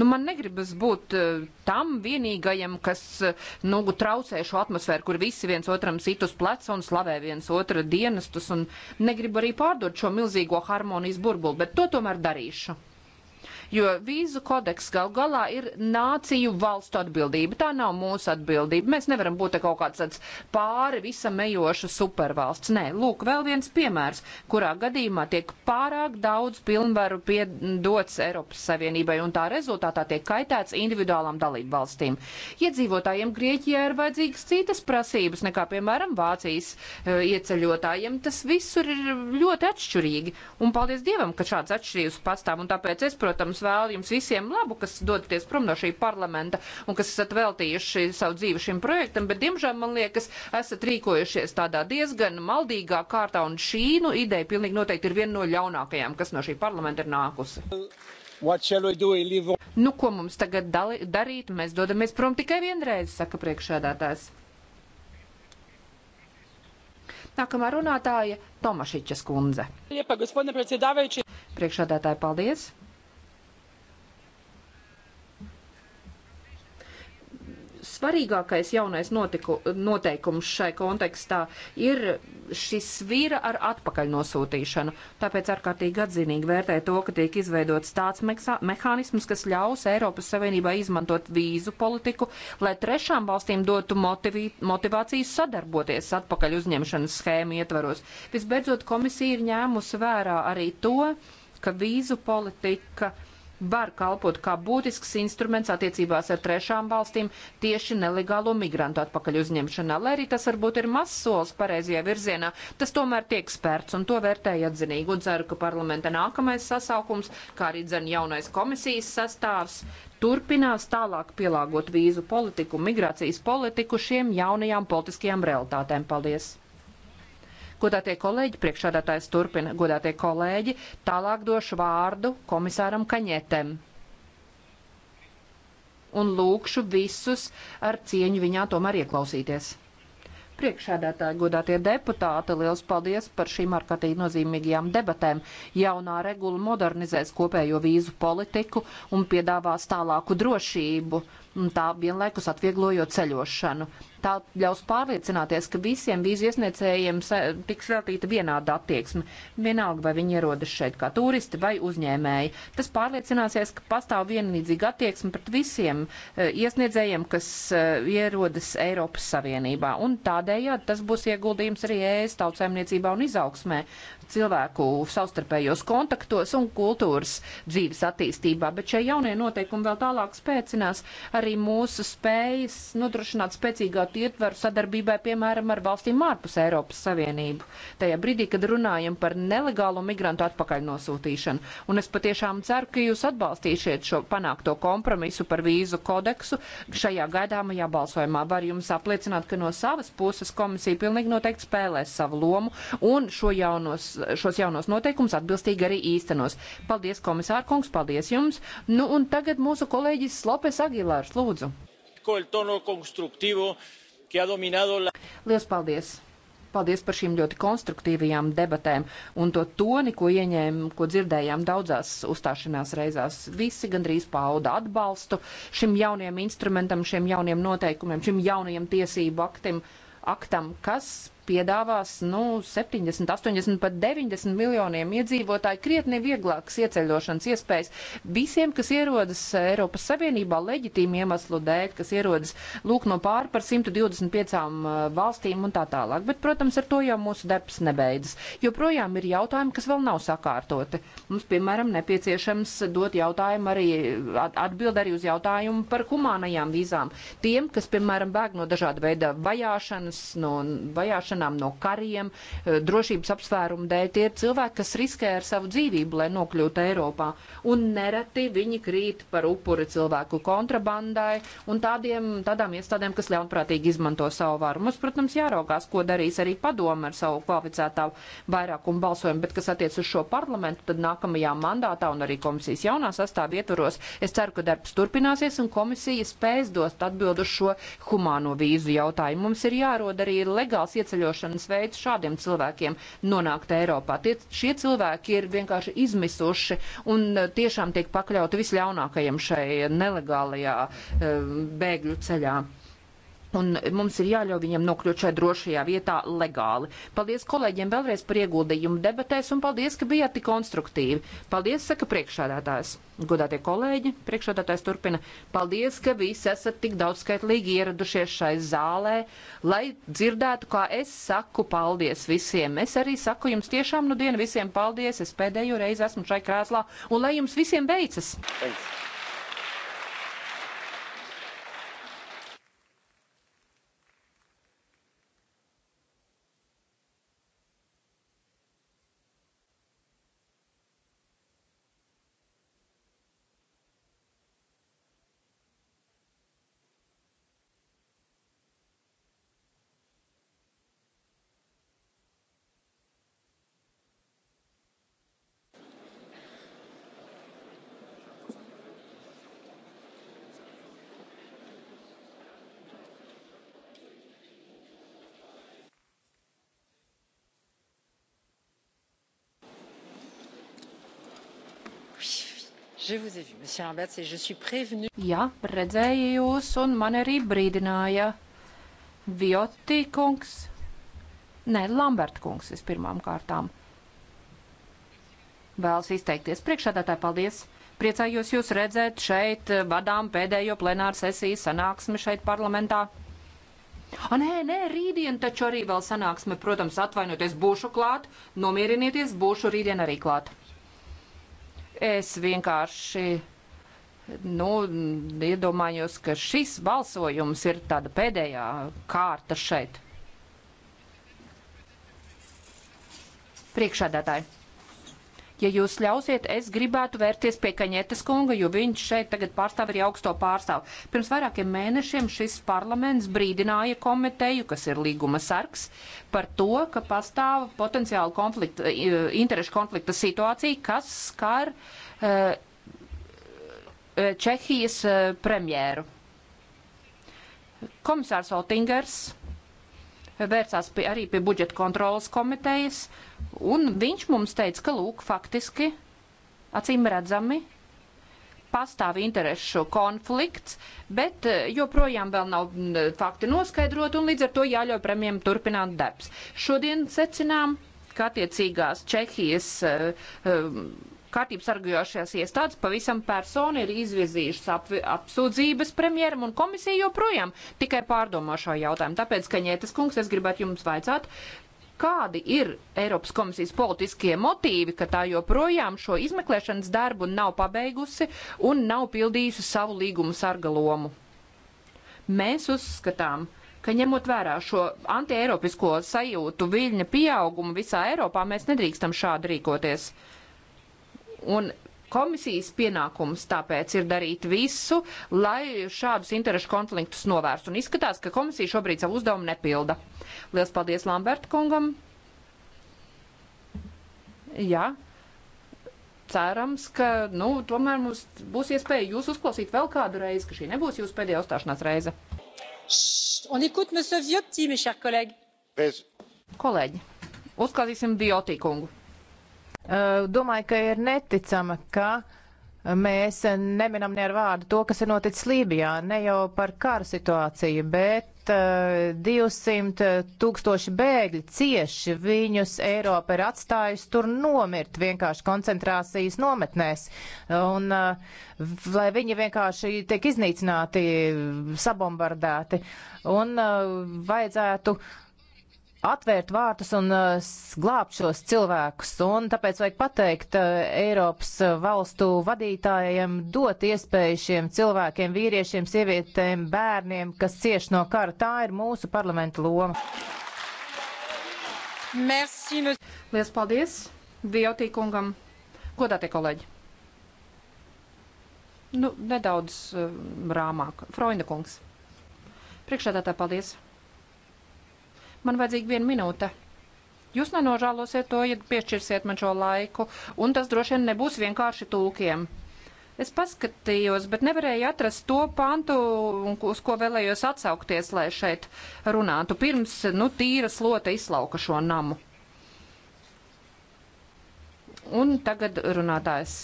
Nu, man negribas būt eh, tam vienīgajam, kas eh, nu, traucē šo atmosfēru, kur visi viens otram sit uz pleca un slavē viens otra dienestus. Un negribu arī pārdot šo milzīgo harmonijas burbuli, bet to tomēr darīšu jo vīzu kodeks gal galā ir nāciju valstu atbildība. Tā nav mūsu atbildība. Mēs nevaram būt kaut kāds tāds pāri visam ejošu supervalsts. Nē, lūk, vēl viens piemērs, kurā gadījumā tiek pārāk daudz pilnvaru piedots Eiropas Savienībai, un tā rezultātā tiek kaitēts individuālām dalību valstīm. Iedzīvotājiem Grieķijā ir vajadzīgas citas prasības nekā, piemēram, Vācijas uh, ieceļotājiem. Tas visur ir ļoti atšķirīgi, un paldies Dievam, ka šāds atšķirības pastāv, un tāpēc es, protams, protams, vēlu jums visiem labu, kas dodaties prom no šī parlamenta un kas esat veltījuši savu dzīvi šim projektam, bet, diemžēl, man liekas, esat rīkojušies tādā diezgan maldīgā kārtā, un šī nu, ideja pilnīgi noteikti ir viena no ļaunākajām, kas no šī parlamenta ir nākusi. Nu, ko mums tagad dali, darīt? Mēs dodamies prom tikai vienreiz, saka priekšādātājs. Nākamā runātāja Tomašiķa skundze. Priekšādātāja, paldies! Svarīgākais jaunais notiku, noteikums šai kontekstā ir šis vīra ar atpakaļnosūtīšanu. Tāpēc ārkārtīgi atzinīgi vērtē to, ka tiek izveidots tāds mehānisms, kas ļaus Eiropas Savienībai izmantot vīzu politiku, lai trešām valstīm dotu motivī, motivāciju sadarboties atpakaļ uzņemšanas schēmu ietvaros. Visbeidzot, komisija ir ņēmusi vērā arī to, ka vīzu politika var kalpot kā būtisks instruments attiecībās ar trešām valstīm tieši nelegālo migrantu atpakaļ uzņemšanā. Lai arī tas varbūt ir mazs solis pareizajā virzienā, tas tomēr tiek spērts un to vērtēja atzinīgi un ceru, ka parlamenta nākamais sasaukums, kā arī dzen jaunais komisijas sastāvs, turpinās tālāk pielāgot vīzu politiku, migrācijas politiku šiem jaunajām politiskajām realitātēm. Paldies! Godātie kolēģi, priekšādātājs turpina, godātie kolēģi, tālāk došu vārdu komisāram Kaņetem. Un lūkšu visus ar cieņu viņā tomēr ieklausīties priekšsēdētāji, godātie deputāti, liels paldies par šīm ārkārtīgi nozīmīgajām debatēm. Jaunā regula modernizēs kopējo vīzu politiku un piedāvās tālāku drošību tā vienlaikus atvieglojot ceļošanu. Tā ļaus pārliecināties, ka visiem vīzu iesniedzējiem tiks veltīta vienāda attieksme, vienalga vai viņi ierodas šeit kā turisti vai uzņēmēji. Tas pārliecināsies, ka pastāv vienlīdzīga attieksme pret visiem e, iesniedzējiem, kas e, ierodas Eiropas Savienībā. Un tādējādi tas būs ieguldījums arī ēst tautsēmniecībā un izaugsmē, cilvēku savstarpējos kontaktos un kultūras dzīves attīstībā. Bet šie jaunie noteikumi vēl tālāk spēcinās ar arī mūsu spējas nodrošināt spēcīgāku ietveru sadarbībai, piemēram, ar valstīm ārpus Eiropas Savienību. Tajā brīdī, kad runājam par nelegālo migrantu atpakaļ nosūtīšanu. Un es patiešām ceru, ka jūs atbalstīsiet šo panākto kompromisu par vīzu kodeksu šajā gaidāmajā balsojumā. Var jums apliecināt, ka no savas puses komisija pilnīgi noteikti spēlēs savu lomu un šo jaunos, šos jaunos noteikumus atbilstīgi arī īstenos. Paldies, komisārkungs, paldies jums! Nu, un tagad mūsu kolēģis Lopes Agilārs vārds lūdzu. Lielas paldies! Paldies par šīm ļoti konstruktīvajām debatēm un to toni, ko ieņēmām, ko dzirdējām daudzās uzstāšanās reizās. Visi gandrīz pauda atbalstu šim jaunajam instrumentam, šiem jauniem noteikumiem, šim jaunajam tiesību aktim, aktam, kas piedāvās nu, 70, 80, pat 90 miljoniem iedzīvotāju krietni vieglākas ieceļošanas iespējas visiem, kas ierodas Eiropas Savienībā leģitīmu iemeslu dēļ, kas ierodas lūk no pāri par 125 uh, valstīm un tā tālāk. Bet, protams, ar to jau mūsu darbs nebeidzas. Joprojām ir jautājumi, kas vēl nav sakārtoti. Mums, piemēram, nepieciešams dot jautājumu arī, uh, atbild arī uz jautājumu par humānajām vīzām. Tiem, kas, piemēram, bēg no dažāda veida vajāšanas, no vajāšanas, dienām, no kariem, eh, drošības apsvērumu dēļ. Tie ir cilvēki, kas riskē ar savu dzīvību, lai nokļūtu Eiropā. Un nereti viņi krīt par upuri cilvēku kontrabandai un tādiem, tādām iestādēm, kas ļaunprātīgi izmanto savu varu. Mums, protams, jāraugās, ko darīs arī padoma ar savu kvalificētā vairākumu balsojumu, bet kas attiec uz šo parlamentu, tad nākamajā mandātā un arī komisijas jaunā sastāvā ietvaros, es ceru, ka darbs turpināsies un komisija spēs dot atbildu uz šo humāno vīzu jautājumu. Mums ir jārod arī legāls ieceļ ceļošanas veids šādiem cilvēkiem nonākt Eiropā. Tie, šie cilvēki ir vienkārši izmisuši un eh, tiešām tiek pakļauti visļaunākajiem šai nelegālajā eh, bēgļu ceļā. Un mums ir jāļauj viņam nokļūt šajā drošajā vietā legāli. Paldies kolēģiem vēlreiz par ieguldījumu debatēs un paldies, ka bijāt tik konstruktīvi. Paldies, saka priekšādātājs. Godātie kolēģi, priekšādātājs turpina. Paldies, ka visi esat tik daudzskaitlīgi ieradušies šai zālē, lai dzirdētu, kā es saku paldies visiem. Es arī saku jums tiešām nu dienu visiem paldies. Es pēdējo reizi esmu šai krēslā un lai jums visiem veicas. Thanks. Jā, redzēju jūs, un man arī brīdināja Vioti kungs, ne, Lambert kungs vispirmām kārtām. Vēlas izteikties priekšādātāji, paldies! Priecājos jūs redzēt šeit, vadām pēdējo plenāru sesiju sanāksmi šeit parlamentā. A, nē, nē, rītdien taču arī vēl sanāksme, protams, atvainoties, būšu klāt, nomierinieties, būšu rītdien arī klāt. Es vienkārši nu, iedomājos, ka šis balsojums ir tāda pēdējā kārta šeit. Priekšādātāji. Ja jūs ļausiet, es gribētu vērties pie Kaņetes kunga, jo viņš šeit tagad pārstāv arī augsto pārstāvu. Pirms vairākiem mēnešiem šis parlaments brīdināja komiteju, kas ir līguma sargs, par to, ka pastāv potenciāli konflikta, interešu konflikta situācija, kas skar uh, Čehijas e, premjēru. Komisārs Otingers vērsās pie, arī pie budžeta kontrolas komitejas, un viņš mums teica, ka lūk, faktiski, acīm redzami, pastāv interešu konflikts, bet eh, joprojām vēl nav fakti noskaidrot, un līdz ar to jāļauj premjiem turpināt darbs. Šodien secinām, ka attiecīgās Čehijas uh, uh, kārtības sargājošās iestādes pavisam personi ir izvirzījušas ap, apsūdzības premjeram un komisija joprojām tikai pārdomā šo jautājumu. Tāpēc, Kaņietas kungs, es gribētu jums vaicāt, kādi ir Eiropas komisijas politiskie motīvi, ka tā joprojām šo izmeklēšanas darbu nav pabeigusi un nav pildījusi savu līgumu sargalomu. Mēs uzskatām, ka ņemot vērā šo antieiropisko sajūtu viļņa pieaugumu visā Eiropā, mēs nedrīkstam šādi rīkoties. Uh, Un Komisijas pienākums tāpēc ir darīt visu, lai šādus interešu konfliktus novērstu. Un izskatās, ka komisija šobrīd savu uzdevumu nepilda. Lielas paldies Lamberta kungam. Jā. Cerams, ka nu, tomēr mums būs iespēja jūs uzklausīt vēl kādu reizi, ka šī nebūs jūsu pēdējā uzstāšanās reize. Écoute, Viotti, Kolēģi, uzklausīsim Viotti kungu. Eh, domāju, ka ir neticama, ka mēs neminam ne ar vārdu to, kas ir noticis Lībijā, ne jau par kara situāciju, bet 200 eh, tūkstoši bēgļi cieši viņus Eiropa ir atstājusi tur nomirt vienkārši koncentrācijas nometnēs. Un eh, lai viņi vienkārši tiek iznīcināti, sabombardēti. Un vajadzētu atvērt vārtus un uh, glābt šos cilvēkus. Un tāpēc vajag pateikt uh, Eiropas uh, valstu vadītājiem dot iespēju šiem cilvēkiem, vīriešiem, sievietēm, bērniem, kas cieš no kara. Tā ir mūsu parlamenta loma. Merci. Lielas paldies Viotī kungam. Godātie kolēģi. Nu, nedaudz uh, rāmāk. Freunda kungs. Priekšādā tā paldies. Man vajadzīga viena minūte. Jūs nenožēlosiet to, ja piešķirsiet man šo laiku, un tas droši vien nebūs vienkārši tūkiem. Es paskatījos, bet nevarēju atrast to pantu, uz ko vēlējos atsaukties, lai šeit runātu. Pirms, nu, tīra slota izlauka šo namu. Un tagad runātājs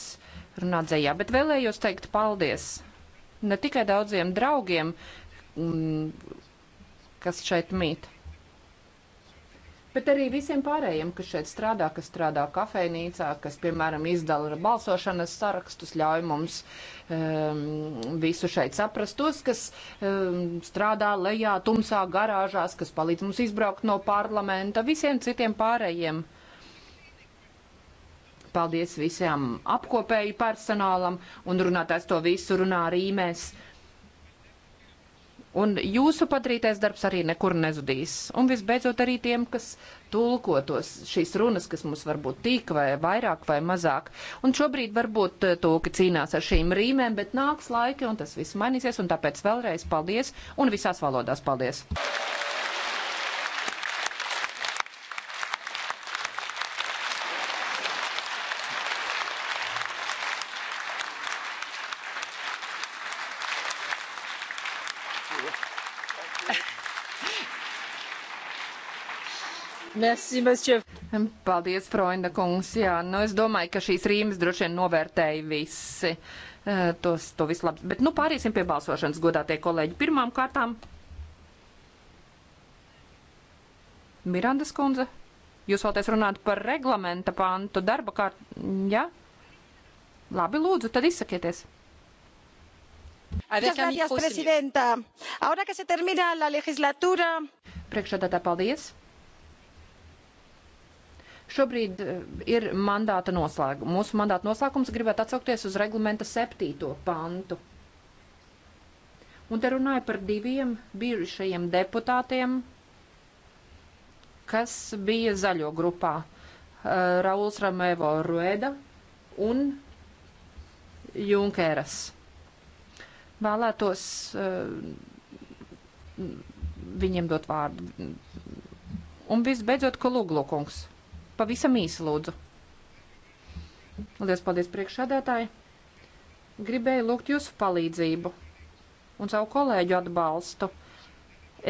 runā dzējā, bet vēlējos teikt paldies ne tikai daudziem draugiem, mm, kas šeit mīt bet arī visiem pārējiem, kas šeit strādā, kas strādā kafejnīcā, kas, piemēram, izdala balsošanas sarakstus, ļauj mums um, visu šeit saprast, tos, kas um, strādā lejā, tumsā garāžās, kas palīdz mums izbraukt no parlamenta, visiem citiem pārējiem. Paldies visiem apkopēju personālam, un runātājs to visu runā rīmēs. Un jūsu padarītais darbs arī nekur nezudīs. Un visbeidzot arī tiem, kas tulkotos šīs runas, kas mums varbūt tīk vai vairāk vai mazāk. Un šobrīd varbūt eh, tulki cīnās ar šīm rīmēm, bet nāks laika un tas viss mainīsies. Un tāpēc vēlreiz paldies un visās valodās paldies! Merci, monsieur. Paldies, Freunda kungs. Jā, nu es domāju, ka šīs rīmes droši vien novērtēja visi. Eh, tos, to vislabāk. Bet nu pāriesim pie balsošanas, godātie kolēģi. Pirmām kārtām. Mirandas kundze, jūs vēlaties runāt par reglamenta pantu darba kārt... Jā? Labi, lūdzu, tad izsakieties. Priekšādā tā paldies. Šobrīd eh, ir mandāta noslēgums. Mūsu mandāta noslēgums gribētu atsaukties uz reglamenta septīto pantu. Un te runāju par diviem bijušajiem deputātiem, kas bija zaļo grupā. Eh, Rauls Ramēvo Rueda un Junkeras. Vēlētos eh, viņiem dot vārdu. Un visbeidzot, Koluglo kungs. Pavisam īsi lūdzu. Lielas paldies priekšsādātāji. Gribēju lūgt jūsu palīdzību un savu kolēģu atbalstu.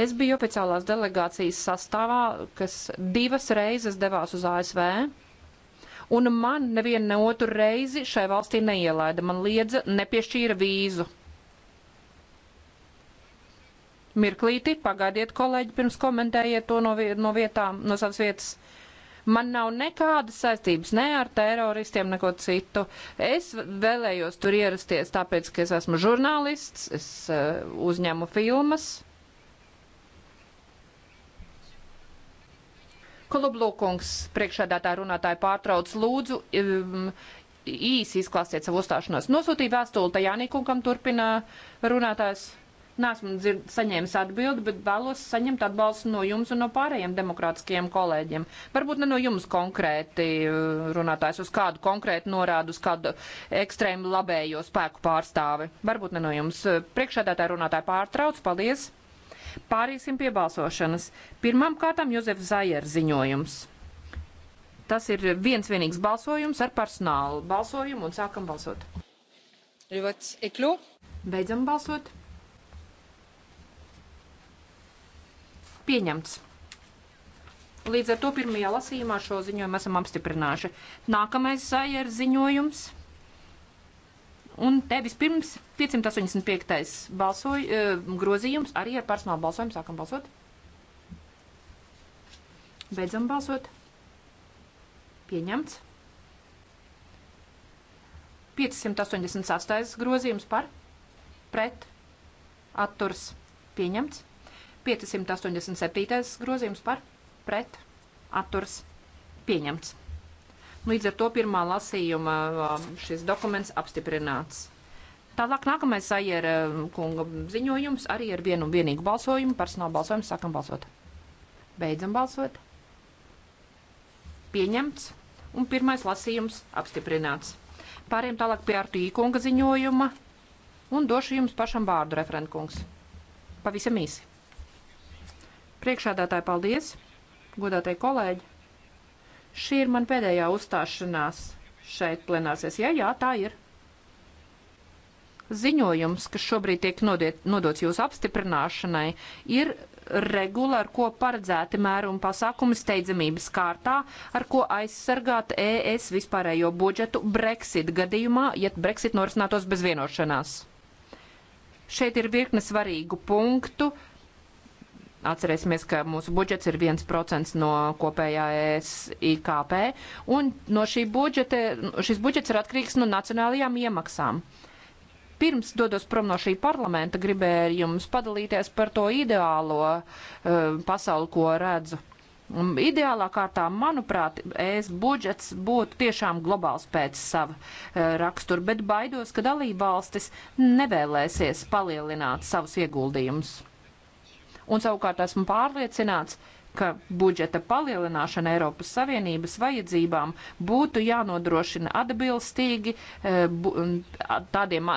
Es biju oficiālās delegācijas sastāvā, kas divas reizes devās uz ASV, un man nevienu ne otru reizi šai valstī neielaida. Man liedza, nepiešķīra vīzu. Mirklīti, pagaidiet, kolēģi, pirms komentējiet to no, vietām, no savas vietas. Uh, Man nav nekādas saistības ne ar teroristiem, neko citu. Es vēlējos tur ierasties, tāpēc, ka es esmu žurnālists, es uh, uzņemu filmas. Koloblūkungs priekšādātā runātāja pārtrauc lūdzu um, īsi izklāstiet savu uzstāšanos. Nosūtīja vēstuli Tajānīkungam turpina runātājs. Nesmu dzird, saņēmis atbildi, bet vēlos saņemt atbalstu no jums un no pārējiem demokrātiskajiem kolēģiem. Varbūt ne no jums konkrēti uh, runātājs, uz kādu konkrētu norādu, uz kādu ekstrēmu labējo spēku pārstāvi. Varbūt ne no jums. Uh, Priekšādātāja runātāja pārtrauc. Paldies! Pārīsim pie balsošanas. Pirmām kārtām Jozef Zajer ziņojums. Tas ir viens vienīgs balsojums ar personālu balsojumu un sākam balsot. Beidzam balsot. Pieņemts. Līdz ar to pirmajā lasījumā šo ziņojumu esam apstiprinājuši. Nākamais sāja ir ziņojums. Un te vispirms 585. Balsoj, eh, grozījums arī ar personālu balsojumu sākam balsot. Beidzam balsot. Pieņemts. 588. grozījums par pret atturs pieņemts. 587. grozījums par pret atturs pieņemts. Nu, līdz ar to pirmā lasījuma um, šis dokuments apstiprināts. Tālāk nākamais Sajera um, kunga ziņojums arī ar vienu un vienīgu balsojumu. Personāla balsojumu sākam balsot. Beidzam balsot. Pieņemts un pirmais lasījums apstiprināts. Pāriem tālāk pie Artī kunga ziņojuma un došu jums pašam vārdu, referentkungs. Pavisam īsi. Priekšādātāji, paldies! Godātie kolēģi! Šī ir man pēdējā uzstāšanās šeit plenāsies. Jā, jā, tā ir. Ziņojums, kas šobrīd tiek nodiet, nodots jūsu apstiprināšanai, ir regula, ar ko paredzēti mēru un pasākumi steidzamības kārtā, ar ko aizsargāt ES vispārējo budžetu Brexit gadījumā, ja Brexit norisinātos bez vienošanās. Šeit ir virkne svarīgu punktu, uh, Atcerēsimies, ka mūsu budžets ir 1% no kopējā ES IKP, un no šī budžeta, šis budžets ir atkarīgs no nacionālajām iemaksām. Pirms dodos prom no šī parlamenta, gribēju jums padalīties par to ideālo uh, pasauli, ko redzu. Ideālā kārtā, manuprāt, ES budžets būtu tiešām globāls pēc sava eh, rakstura, bet baidos, ka dalībvalstis nevēlēsies palielināt savus ieguldījumus. Un savukārt esmu pārliecināts, ka budžeta palielināšana Eiropas Savienības vajadzībām būtu jānodrošina atbilstīgi e, tādiem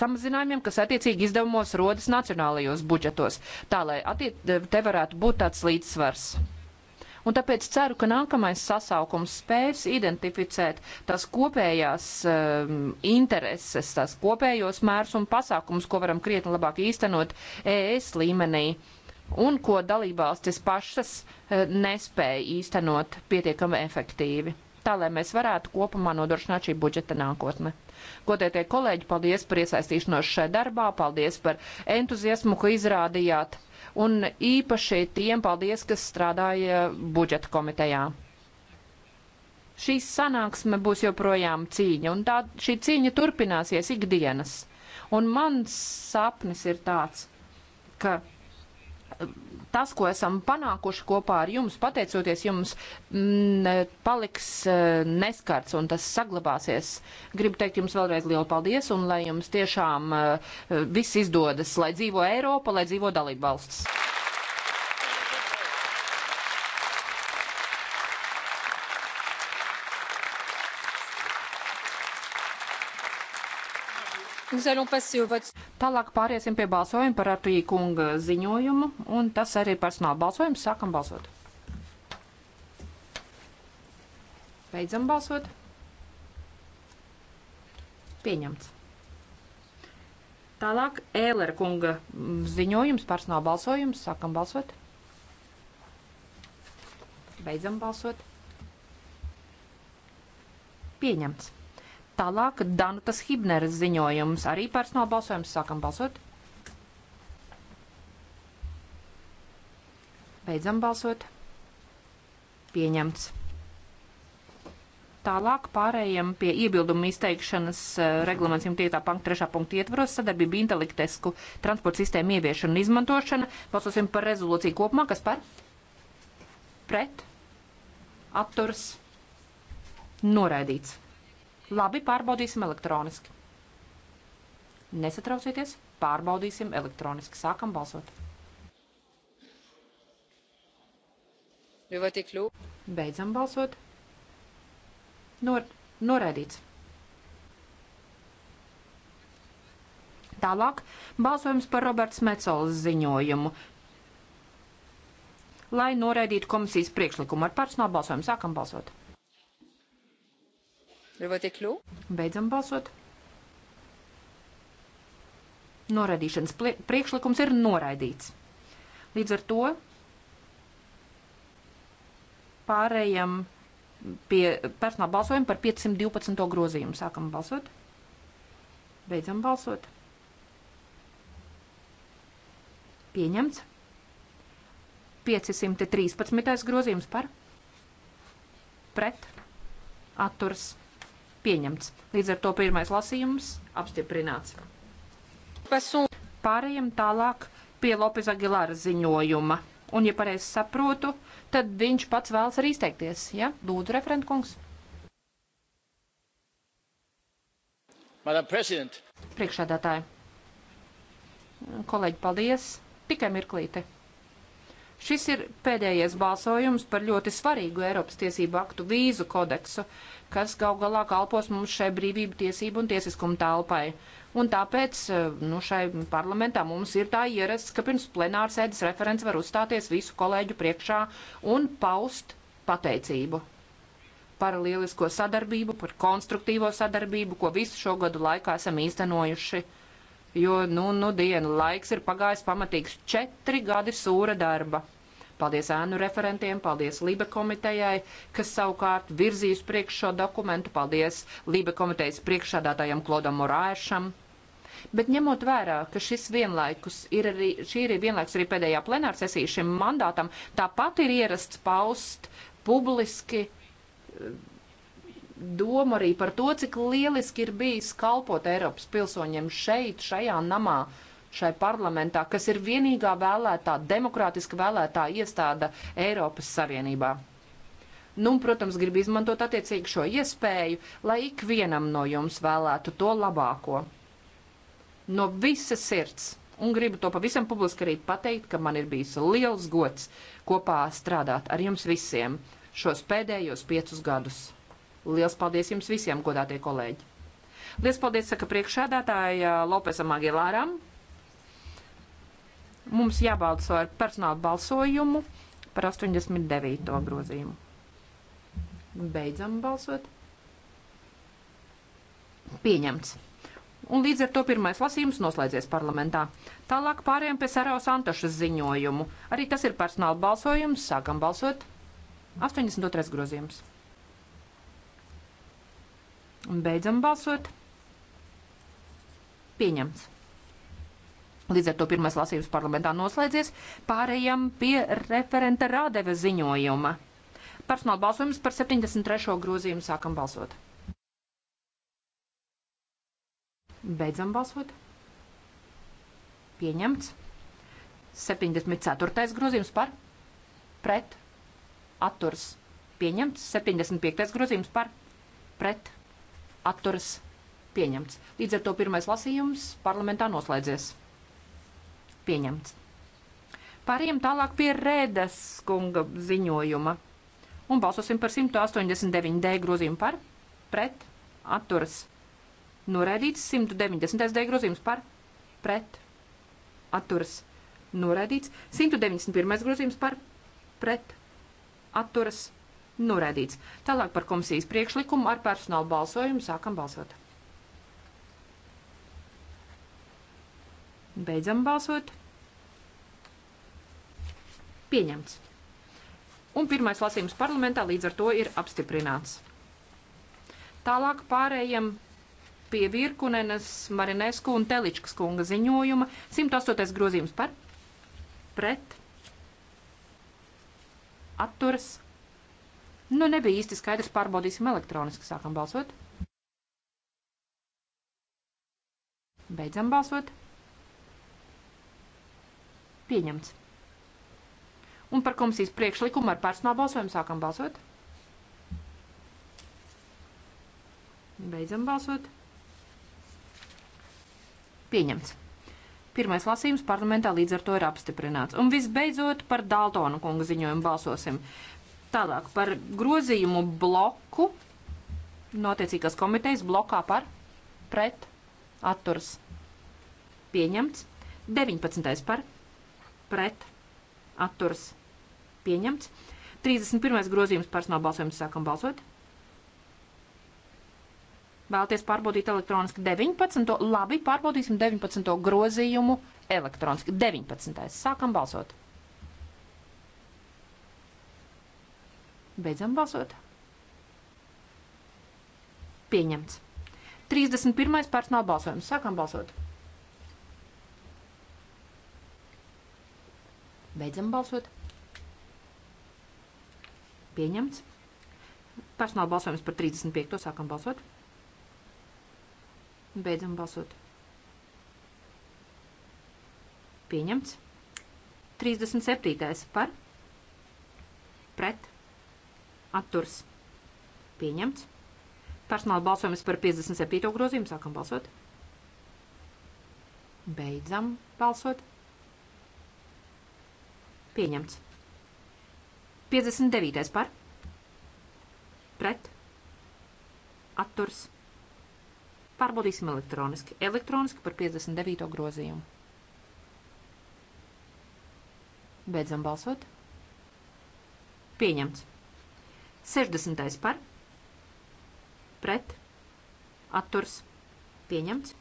samazinājumiem, kas attiecīgi izdevumos rodas nacionālajos budžetos, tā lai te varētu būt tāds līdzsvars. Un tāpēc ceru, ka nākamais sasaukums spēs identificēt tās kopējās um, intereses, tās kopējos mērs un pasākums, ko varam krietni labāk īstenot ES līmenī un ko dalībvalstis pašas uh, nespēja īstenot pietiekami efektīvi. Tā, lai mēs varētu kopumā nodrošināt šī budžeta nākotne. Godētie kolēģi, paldies par iesaistīšanos šajā darbā, paldies par entuziasmu, ko izrādījāt un īpaši tiem paldies, kas strādāja budžeta komitejā. Šī sanāksme būs joprojām cīņa, un tā, šī cīņa turpināsies ikdienas. Un mans sapnis ir tāds, ka tas, ko esam panākuši kopā ar jums, pateicoties jums, m, mm, paliks e, neskarts un tas saglabāsies. Gribu teikt jums vēlreiz lielu paldies un lai jums tiešām e, viss izdodas, lai dzīvo Eiropa, lai dzīvo dalībvalsts. Tālāk pāriesim pie balsojuma par Artuī kunga ziņojumu, un tas arī personāla balsojums. Sākam balsot. Beidzam balsot. Pieņemts. Tālāk Ēlera kunga mm, ziņojums, personāla balsojums. Sākam balsot. Beidzam balsot. Pieņemts. Tālāk Danutas Hibneres ziņojums. Arī personāla balsojums. Sākam balsot. Beidzam balsot. Pieņemts. Tālāk pārējiem pie iebildumu izteikšanas eh, reglaments 105. panka 3. punkta ietvaros sadarbība intelektesku transporta sistēmu ieviešana un izmantošana. Balsosim par rezolūciju kopumā, kas par pret atturs noraidīts. Labi, pārbaudīsim elektroniski. Nesatraucieties, pārbaudīsim elektroniski. Sākam balsot. Beidzam balsot. Nor noraidīts. Tālāk balsojums par Roberts Mecolas ziņojumu. Lai noraidītu komisijas priekšlikumu ar personālu balsojumu, sākam balsot. Beidzam balsot. Noraidīšanas priekšlikums ir noraidīts. Līdz ar to pārējam pie personāla balsojuma par 512. grozījumu. Sākam balsot. Beidzam balsot. Pieņemts. 513. grozījums par pret atturs Pieņemts. Līdz ar to pirmais lasījums apstiprināts. Pārējiem tālāk pie Lopes Agilāra ziņojuma. Un, ja pareizi saprotu, tad viņš pats vēlas arī izteikties. Ja? Lūdzu, referentkungs. Priekšādātāji. Kolēģi, paldies. Tikai mirklīte. Šis ir pēdējais balsojums par ļoti svarīgu Eiropas tiesību aktu vīzu kodeksu, kas gal galā kalpos mums šai brīvību tiesību un tiesiskumu telpai. Un tāpēc eh, nu, šai parlamentā mums ir tā ierasts, ka pirms plenārsēdes referents var uzstāties visu kolēģu priekšā un paust pateicību par lielisko sadarbību, par konstruktīvo sadarbību, ko visu šo gadu laikā esam īstenojuši jo, nu, nu dienu laiks ir pagājis pamatīgs četri gadi sūra darba. Paldies ēnu referentiem, paldies Lība komitejai, kas savukārt virzīs priekš šo dokumentu, paldies Lība komitejas priekšādātājam Klodam Morāšam. Bet ņemot vērā, ka šis vienlaikus ir arī, šī ir vienlaikus arī pēdējā plenāra sesija šim mandātam, tāpat ir ierasts paust publiski domu arī par to, cik lieliski ir bijis kalpot Eiropas pilsoņiem šeit, šajā namā, šai parlamentā, kas ir vienīgā vēlētā, demokrātiski vēlētā iestāda Eiropas Savienībā. Nu, un, protams, gribu izmantot attiecīgi šo iespēju, lai ik vienam no jums vēlētu to labāko. No visas sirds. Un gribu to pavisam publiski arī pateikt, ka man ir bijis liels gods kopā strādāt ar jums visiem šos pēdējos piecus gadus. Lielas paldies jums visiem, godātie kolēģi! Lielas paldies, saka priekšsēdētāja Lopesam Agilāram. Mums jābalso ar personālu balsojumu par 89. grozījumu. Beidzam balsot. Pieņemts. Un līdz ar to pirmais lasījums noslēdzies parlamentā. Tālāk pārējām pie Saraus Antošas ziņojumu. Arī tas ir personāla balsojums. Sākam balsot. 82. grozījums. Un beidzam balsot. Pieņemts. Līdz ar to pirmais lasījums parlamentā noslēdzies. Pārējām pie referenta Rādeve ziņojuma. Personāla balsojums par 73. grozījumu sākam balsot. Beidzam balsot. Pieņemts. 74. grozījums par pret atturs. Pieņemts. 75. grozījums par pret atturs atturas pieņemts. Līdz ar to pirmais lasījums parlamentā noslēdzies. Pieņemts. Pārējiem tālāk pie Rēdas kunga ziņojuma. Un balsosim par 189 D grozījumu par, pret, atturas. Noraidīts 190 D grozījums par, pret, atturas. Noraidīts 191 grozījums par, pret, atturas Noraidīts. Tālāk par komisijas priekšlikumu ar personālu balsojumu sākam balsot. Beidzam balsot. Pieņemts. Un pirmais lasījums parlamentā līdz ar to ir apstiprināts. Tālāk pārējiem pie Virkunenes, Marinesku un Teličkas kunga ziņojuma 108. grozījums par pret atturas Nu, nebija īsti skaidrs, pārbaudīsim elektroniski, sākam balsot. Beidzam balsot. Pieņemts. Un par komisijas priekšlikumu ar personālu balsojumu sākam balsot. Beidzam balsot. Pieņemts. Pirmais lasījums parlamentā līdz ar to ir apstiprināts. Un visbeidzot par Daltonu kunga ziņojumu balsosim. Tālāk par grozījumu bloku no attiecīgās komitejas blokā par pret atturs pieņemts. 19. par pret atturs pieņemts. 31. grozījums personāla balsojums sākam balsot. Vēlaties pārbaudīt elektroniski 19. Labi, pārbaudīsim 19. grozījumu elektroniski. 19. Sākam balsot. Beidzam balsot. Pieņemts. 31. personāla balsojums. Sākam balsot. Beidzam balsot. Pieņemts. Personāla balsojums par 35. Sākam balsot. Beidzam balsot. Pieņemts. 37. par pret atturs pieņemts. Personāla balsojums par 57. grozījumu. Sākam balsot. Beidzam balsot. Pieņemts. 59. par. Pret. Atturs. Pārbaudīsim elektroniski. Elektroniski par 59. grozījumu. Beidzam balsot. Pieņemts. 60. par pret atturs pieņemts.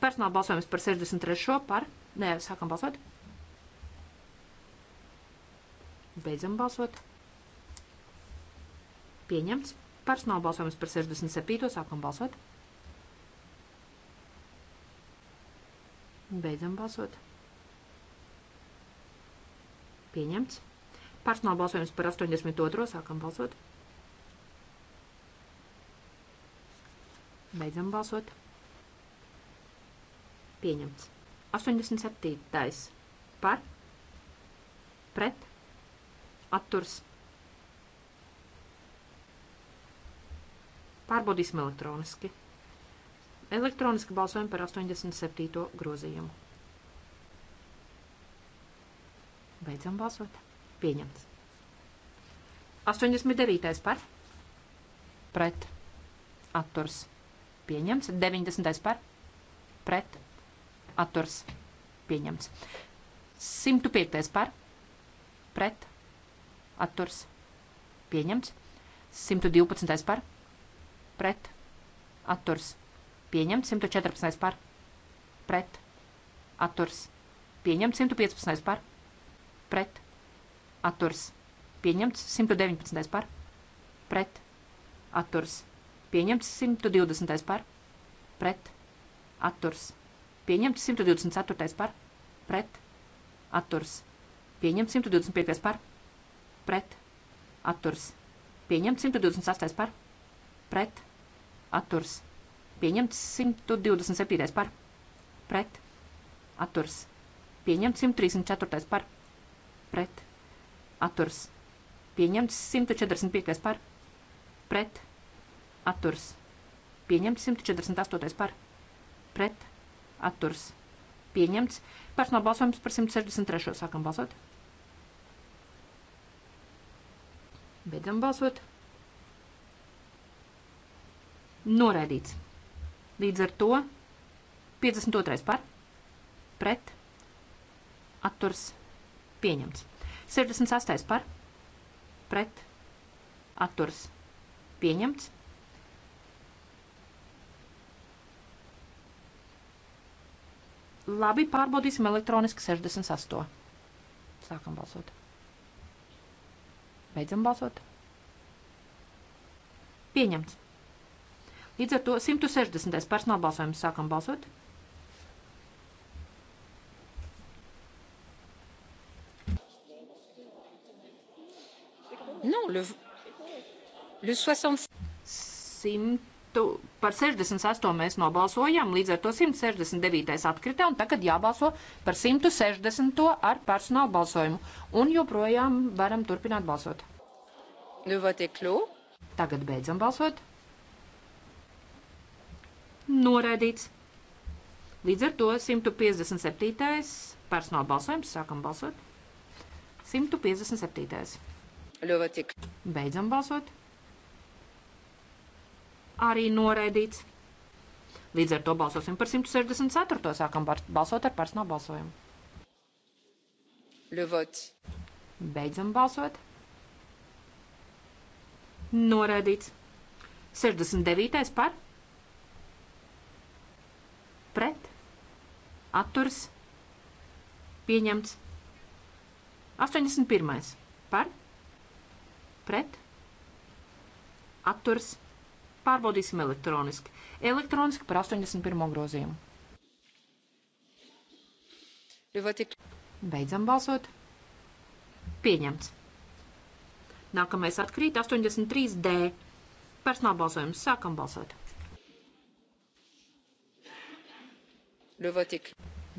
Personāla balsojums par 63. par nē, sākam balsot. Beidzam balsot. Pieņemts. Personāla balsojums par 67. sākam balsot. Beidzam balsot. Pieņemts. Personāla balsojums par 82. sākam balsot. Beidzam balsot. Pieņemts. 87. par, pret, atturs. Pārbaudīsim elektroniski. Elektroniski balsojam par 87. grozījumu. Beidzam balsot. Pieņemts. 89. par, pret, atturs pieņemts. 90. par pret atturs pieņemts. 105. par pret atturs pieņemts. 112. par pret atturs pieņemts. 114. par pret atturs pieņemts. 115. par pret atturs pieņemts. 119. par pret atturs pieņemts Pieņemts 120. par. Pret. Atturs. Pieņemts 124. par. Pret. Atturs. Pieņemts 125. par. Pret. Atturs. Pieņemts 128. par. Pret. Atturs. Pieņemts 127. par. Pret. Atturs. Pieņemts 134. par. Pret. Atturs. Pieņemts 145. par. Pret atturs pieņemts. 148. par pret atturs pieņemts. Personāla balsojums par 163. sākam balsot. Beidzam balsot. Noraidīts. Līdz ar to 52. par, pret, atturs, pieņemts. 68. par, pret, atturs, pieņemts. Labi, pārbaudīsim elektroniski 68. Sākam balsot. Beidzam balsot. Pieņemts. Līdz ar to 160. personāla balsojums sākam balsot. Non, nu, le, le 60. 100. 100, par 68 mēs nobalsojām, līdz ar to 169. atkrita, un tagad jābalso par 160. ar personālu balsojumu. Un joprojām varam turpināt balsot. Tagad beidzam balsot. Noraidīts. Līdz ar to 157. personāla balsojums. Sākam balsot. 157. Beidzam balsot arī noraidīts. Līdz ar to balsosim par 164. sākam balsot ar personālu balsojumu. Le vote. Beidzam balsot. Noraidīts. 69. par. Pret. Atturs. Pieņemts. 81. par. Pret. Atturs pārbaudīsim elektroniski. Elektroniski par 81. grozījumu. Beidzam balsot. Pieņemts. Nākamais atkrīt 83D. Personāla balsojums. Sākam balsot.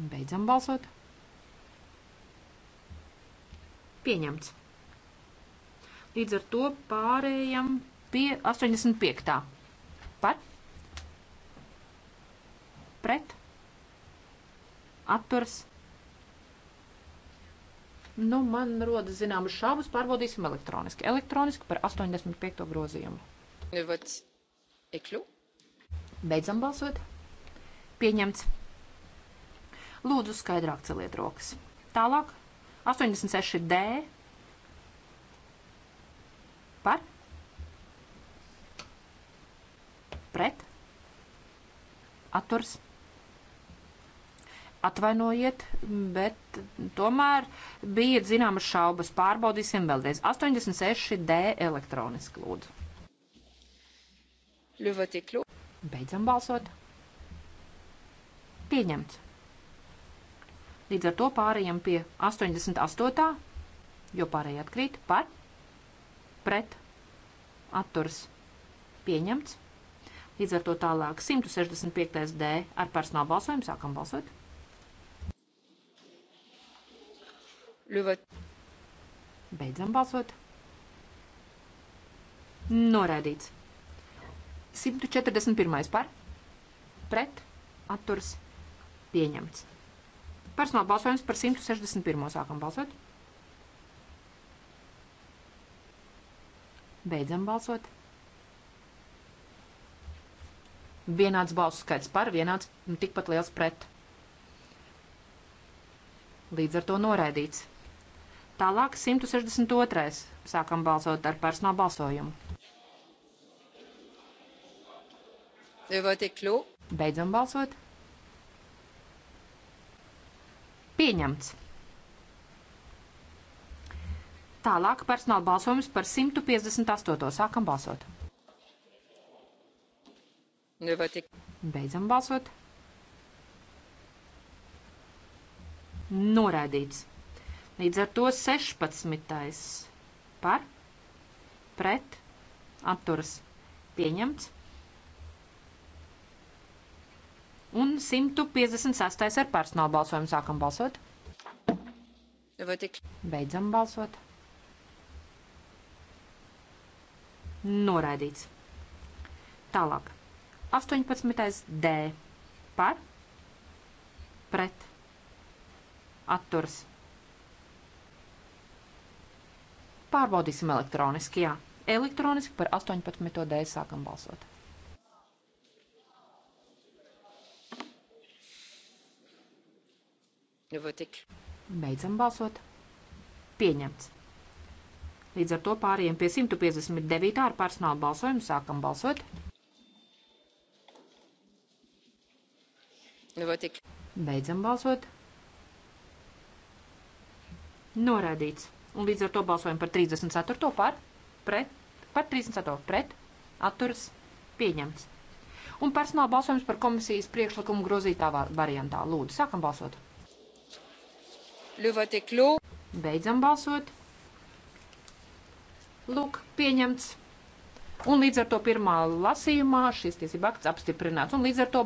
Beidzam balsot. Pieņemts. Līdz ar to pārējam pie 85 par pret atturas. Nu, man rodas zināmas šaubas, pārbaudīsim elektroniski. Elektroniski par 85. grozījumu. Nevots eklu. Beidzam balsot. Pieņemts. Lūdzu, skaidrāk celiet rokas. Tālāk 86D atturs. Atvainojiet, bet tomēr bija zināmas šaubas. Pārbaudīsim vēlreiz. 86 D elektroniski lūdzu. Beidzam balsot. Pieņemts. Līdz ar to pārējām pie 88. jo pārējie atkrīt par, pret, atturs, pieņemts. Līdz ar to tālāk 165. D ar personālu balsojumu sākam balsot. Beidzam balsot. Noraidīts. 141. par, pret, atturas, pieņemts. Personāla balsojums par 161. sākam balsot. Beidzam balsot. vienāds balsu skaits par, vienāds nu, tikpat liels pret. Līdz ar to noraidīts. Tālāk 162. Sākam balsot ar personālu balsojumu. Beidzam balsot. Pieņemts. Tālāk personāla balsojums par 158. Sākam balsot. Beidzam balsot. Noraidīts. Nu Līdz ar to 16. par, pret, atturas pieņemts. Un 156. ar personāla balsojumu sākam balsot. Beidzam balsot. Noraidīts. Nu Tālāk. 18. D par pret atturs. Pārbaudīsim elektroniski, jā. Elektroniski par 18. D sākam balsot. Votik. Beidzam balsot. Pieņemts. Līdz ar to pārējiem pie 159. ar personālu balsojumu sākam balsot. Beidzam balsot. Noraidīts. Un līdz ar to balsojam par 34. par, pret, par 34. pret, atturas, pieņemts. Un personāla balsojums par komisijas priekšlikumu grozītā variantā. Lūdzu, sākam balsot. Beidzam balsot. Lūk, pieņemts. Un līdz ar to pirmā lasījumā šis tiesība akts apstiprināts. Un līdz ar to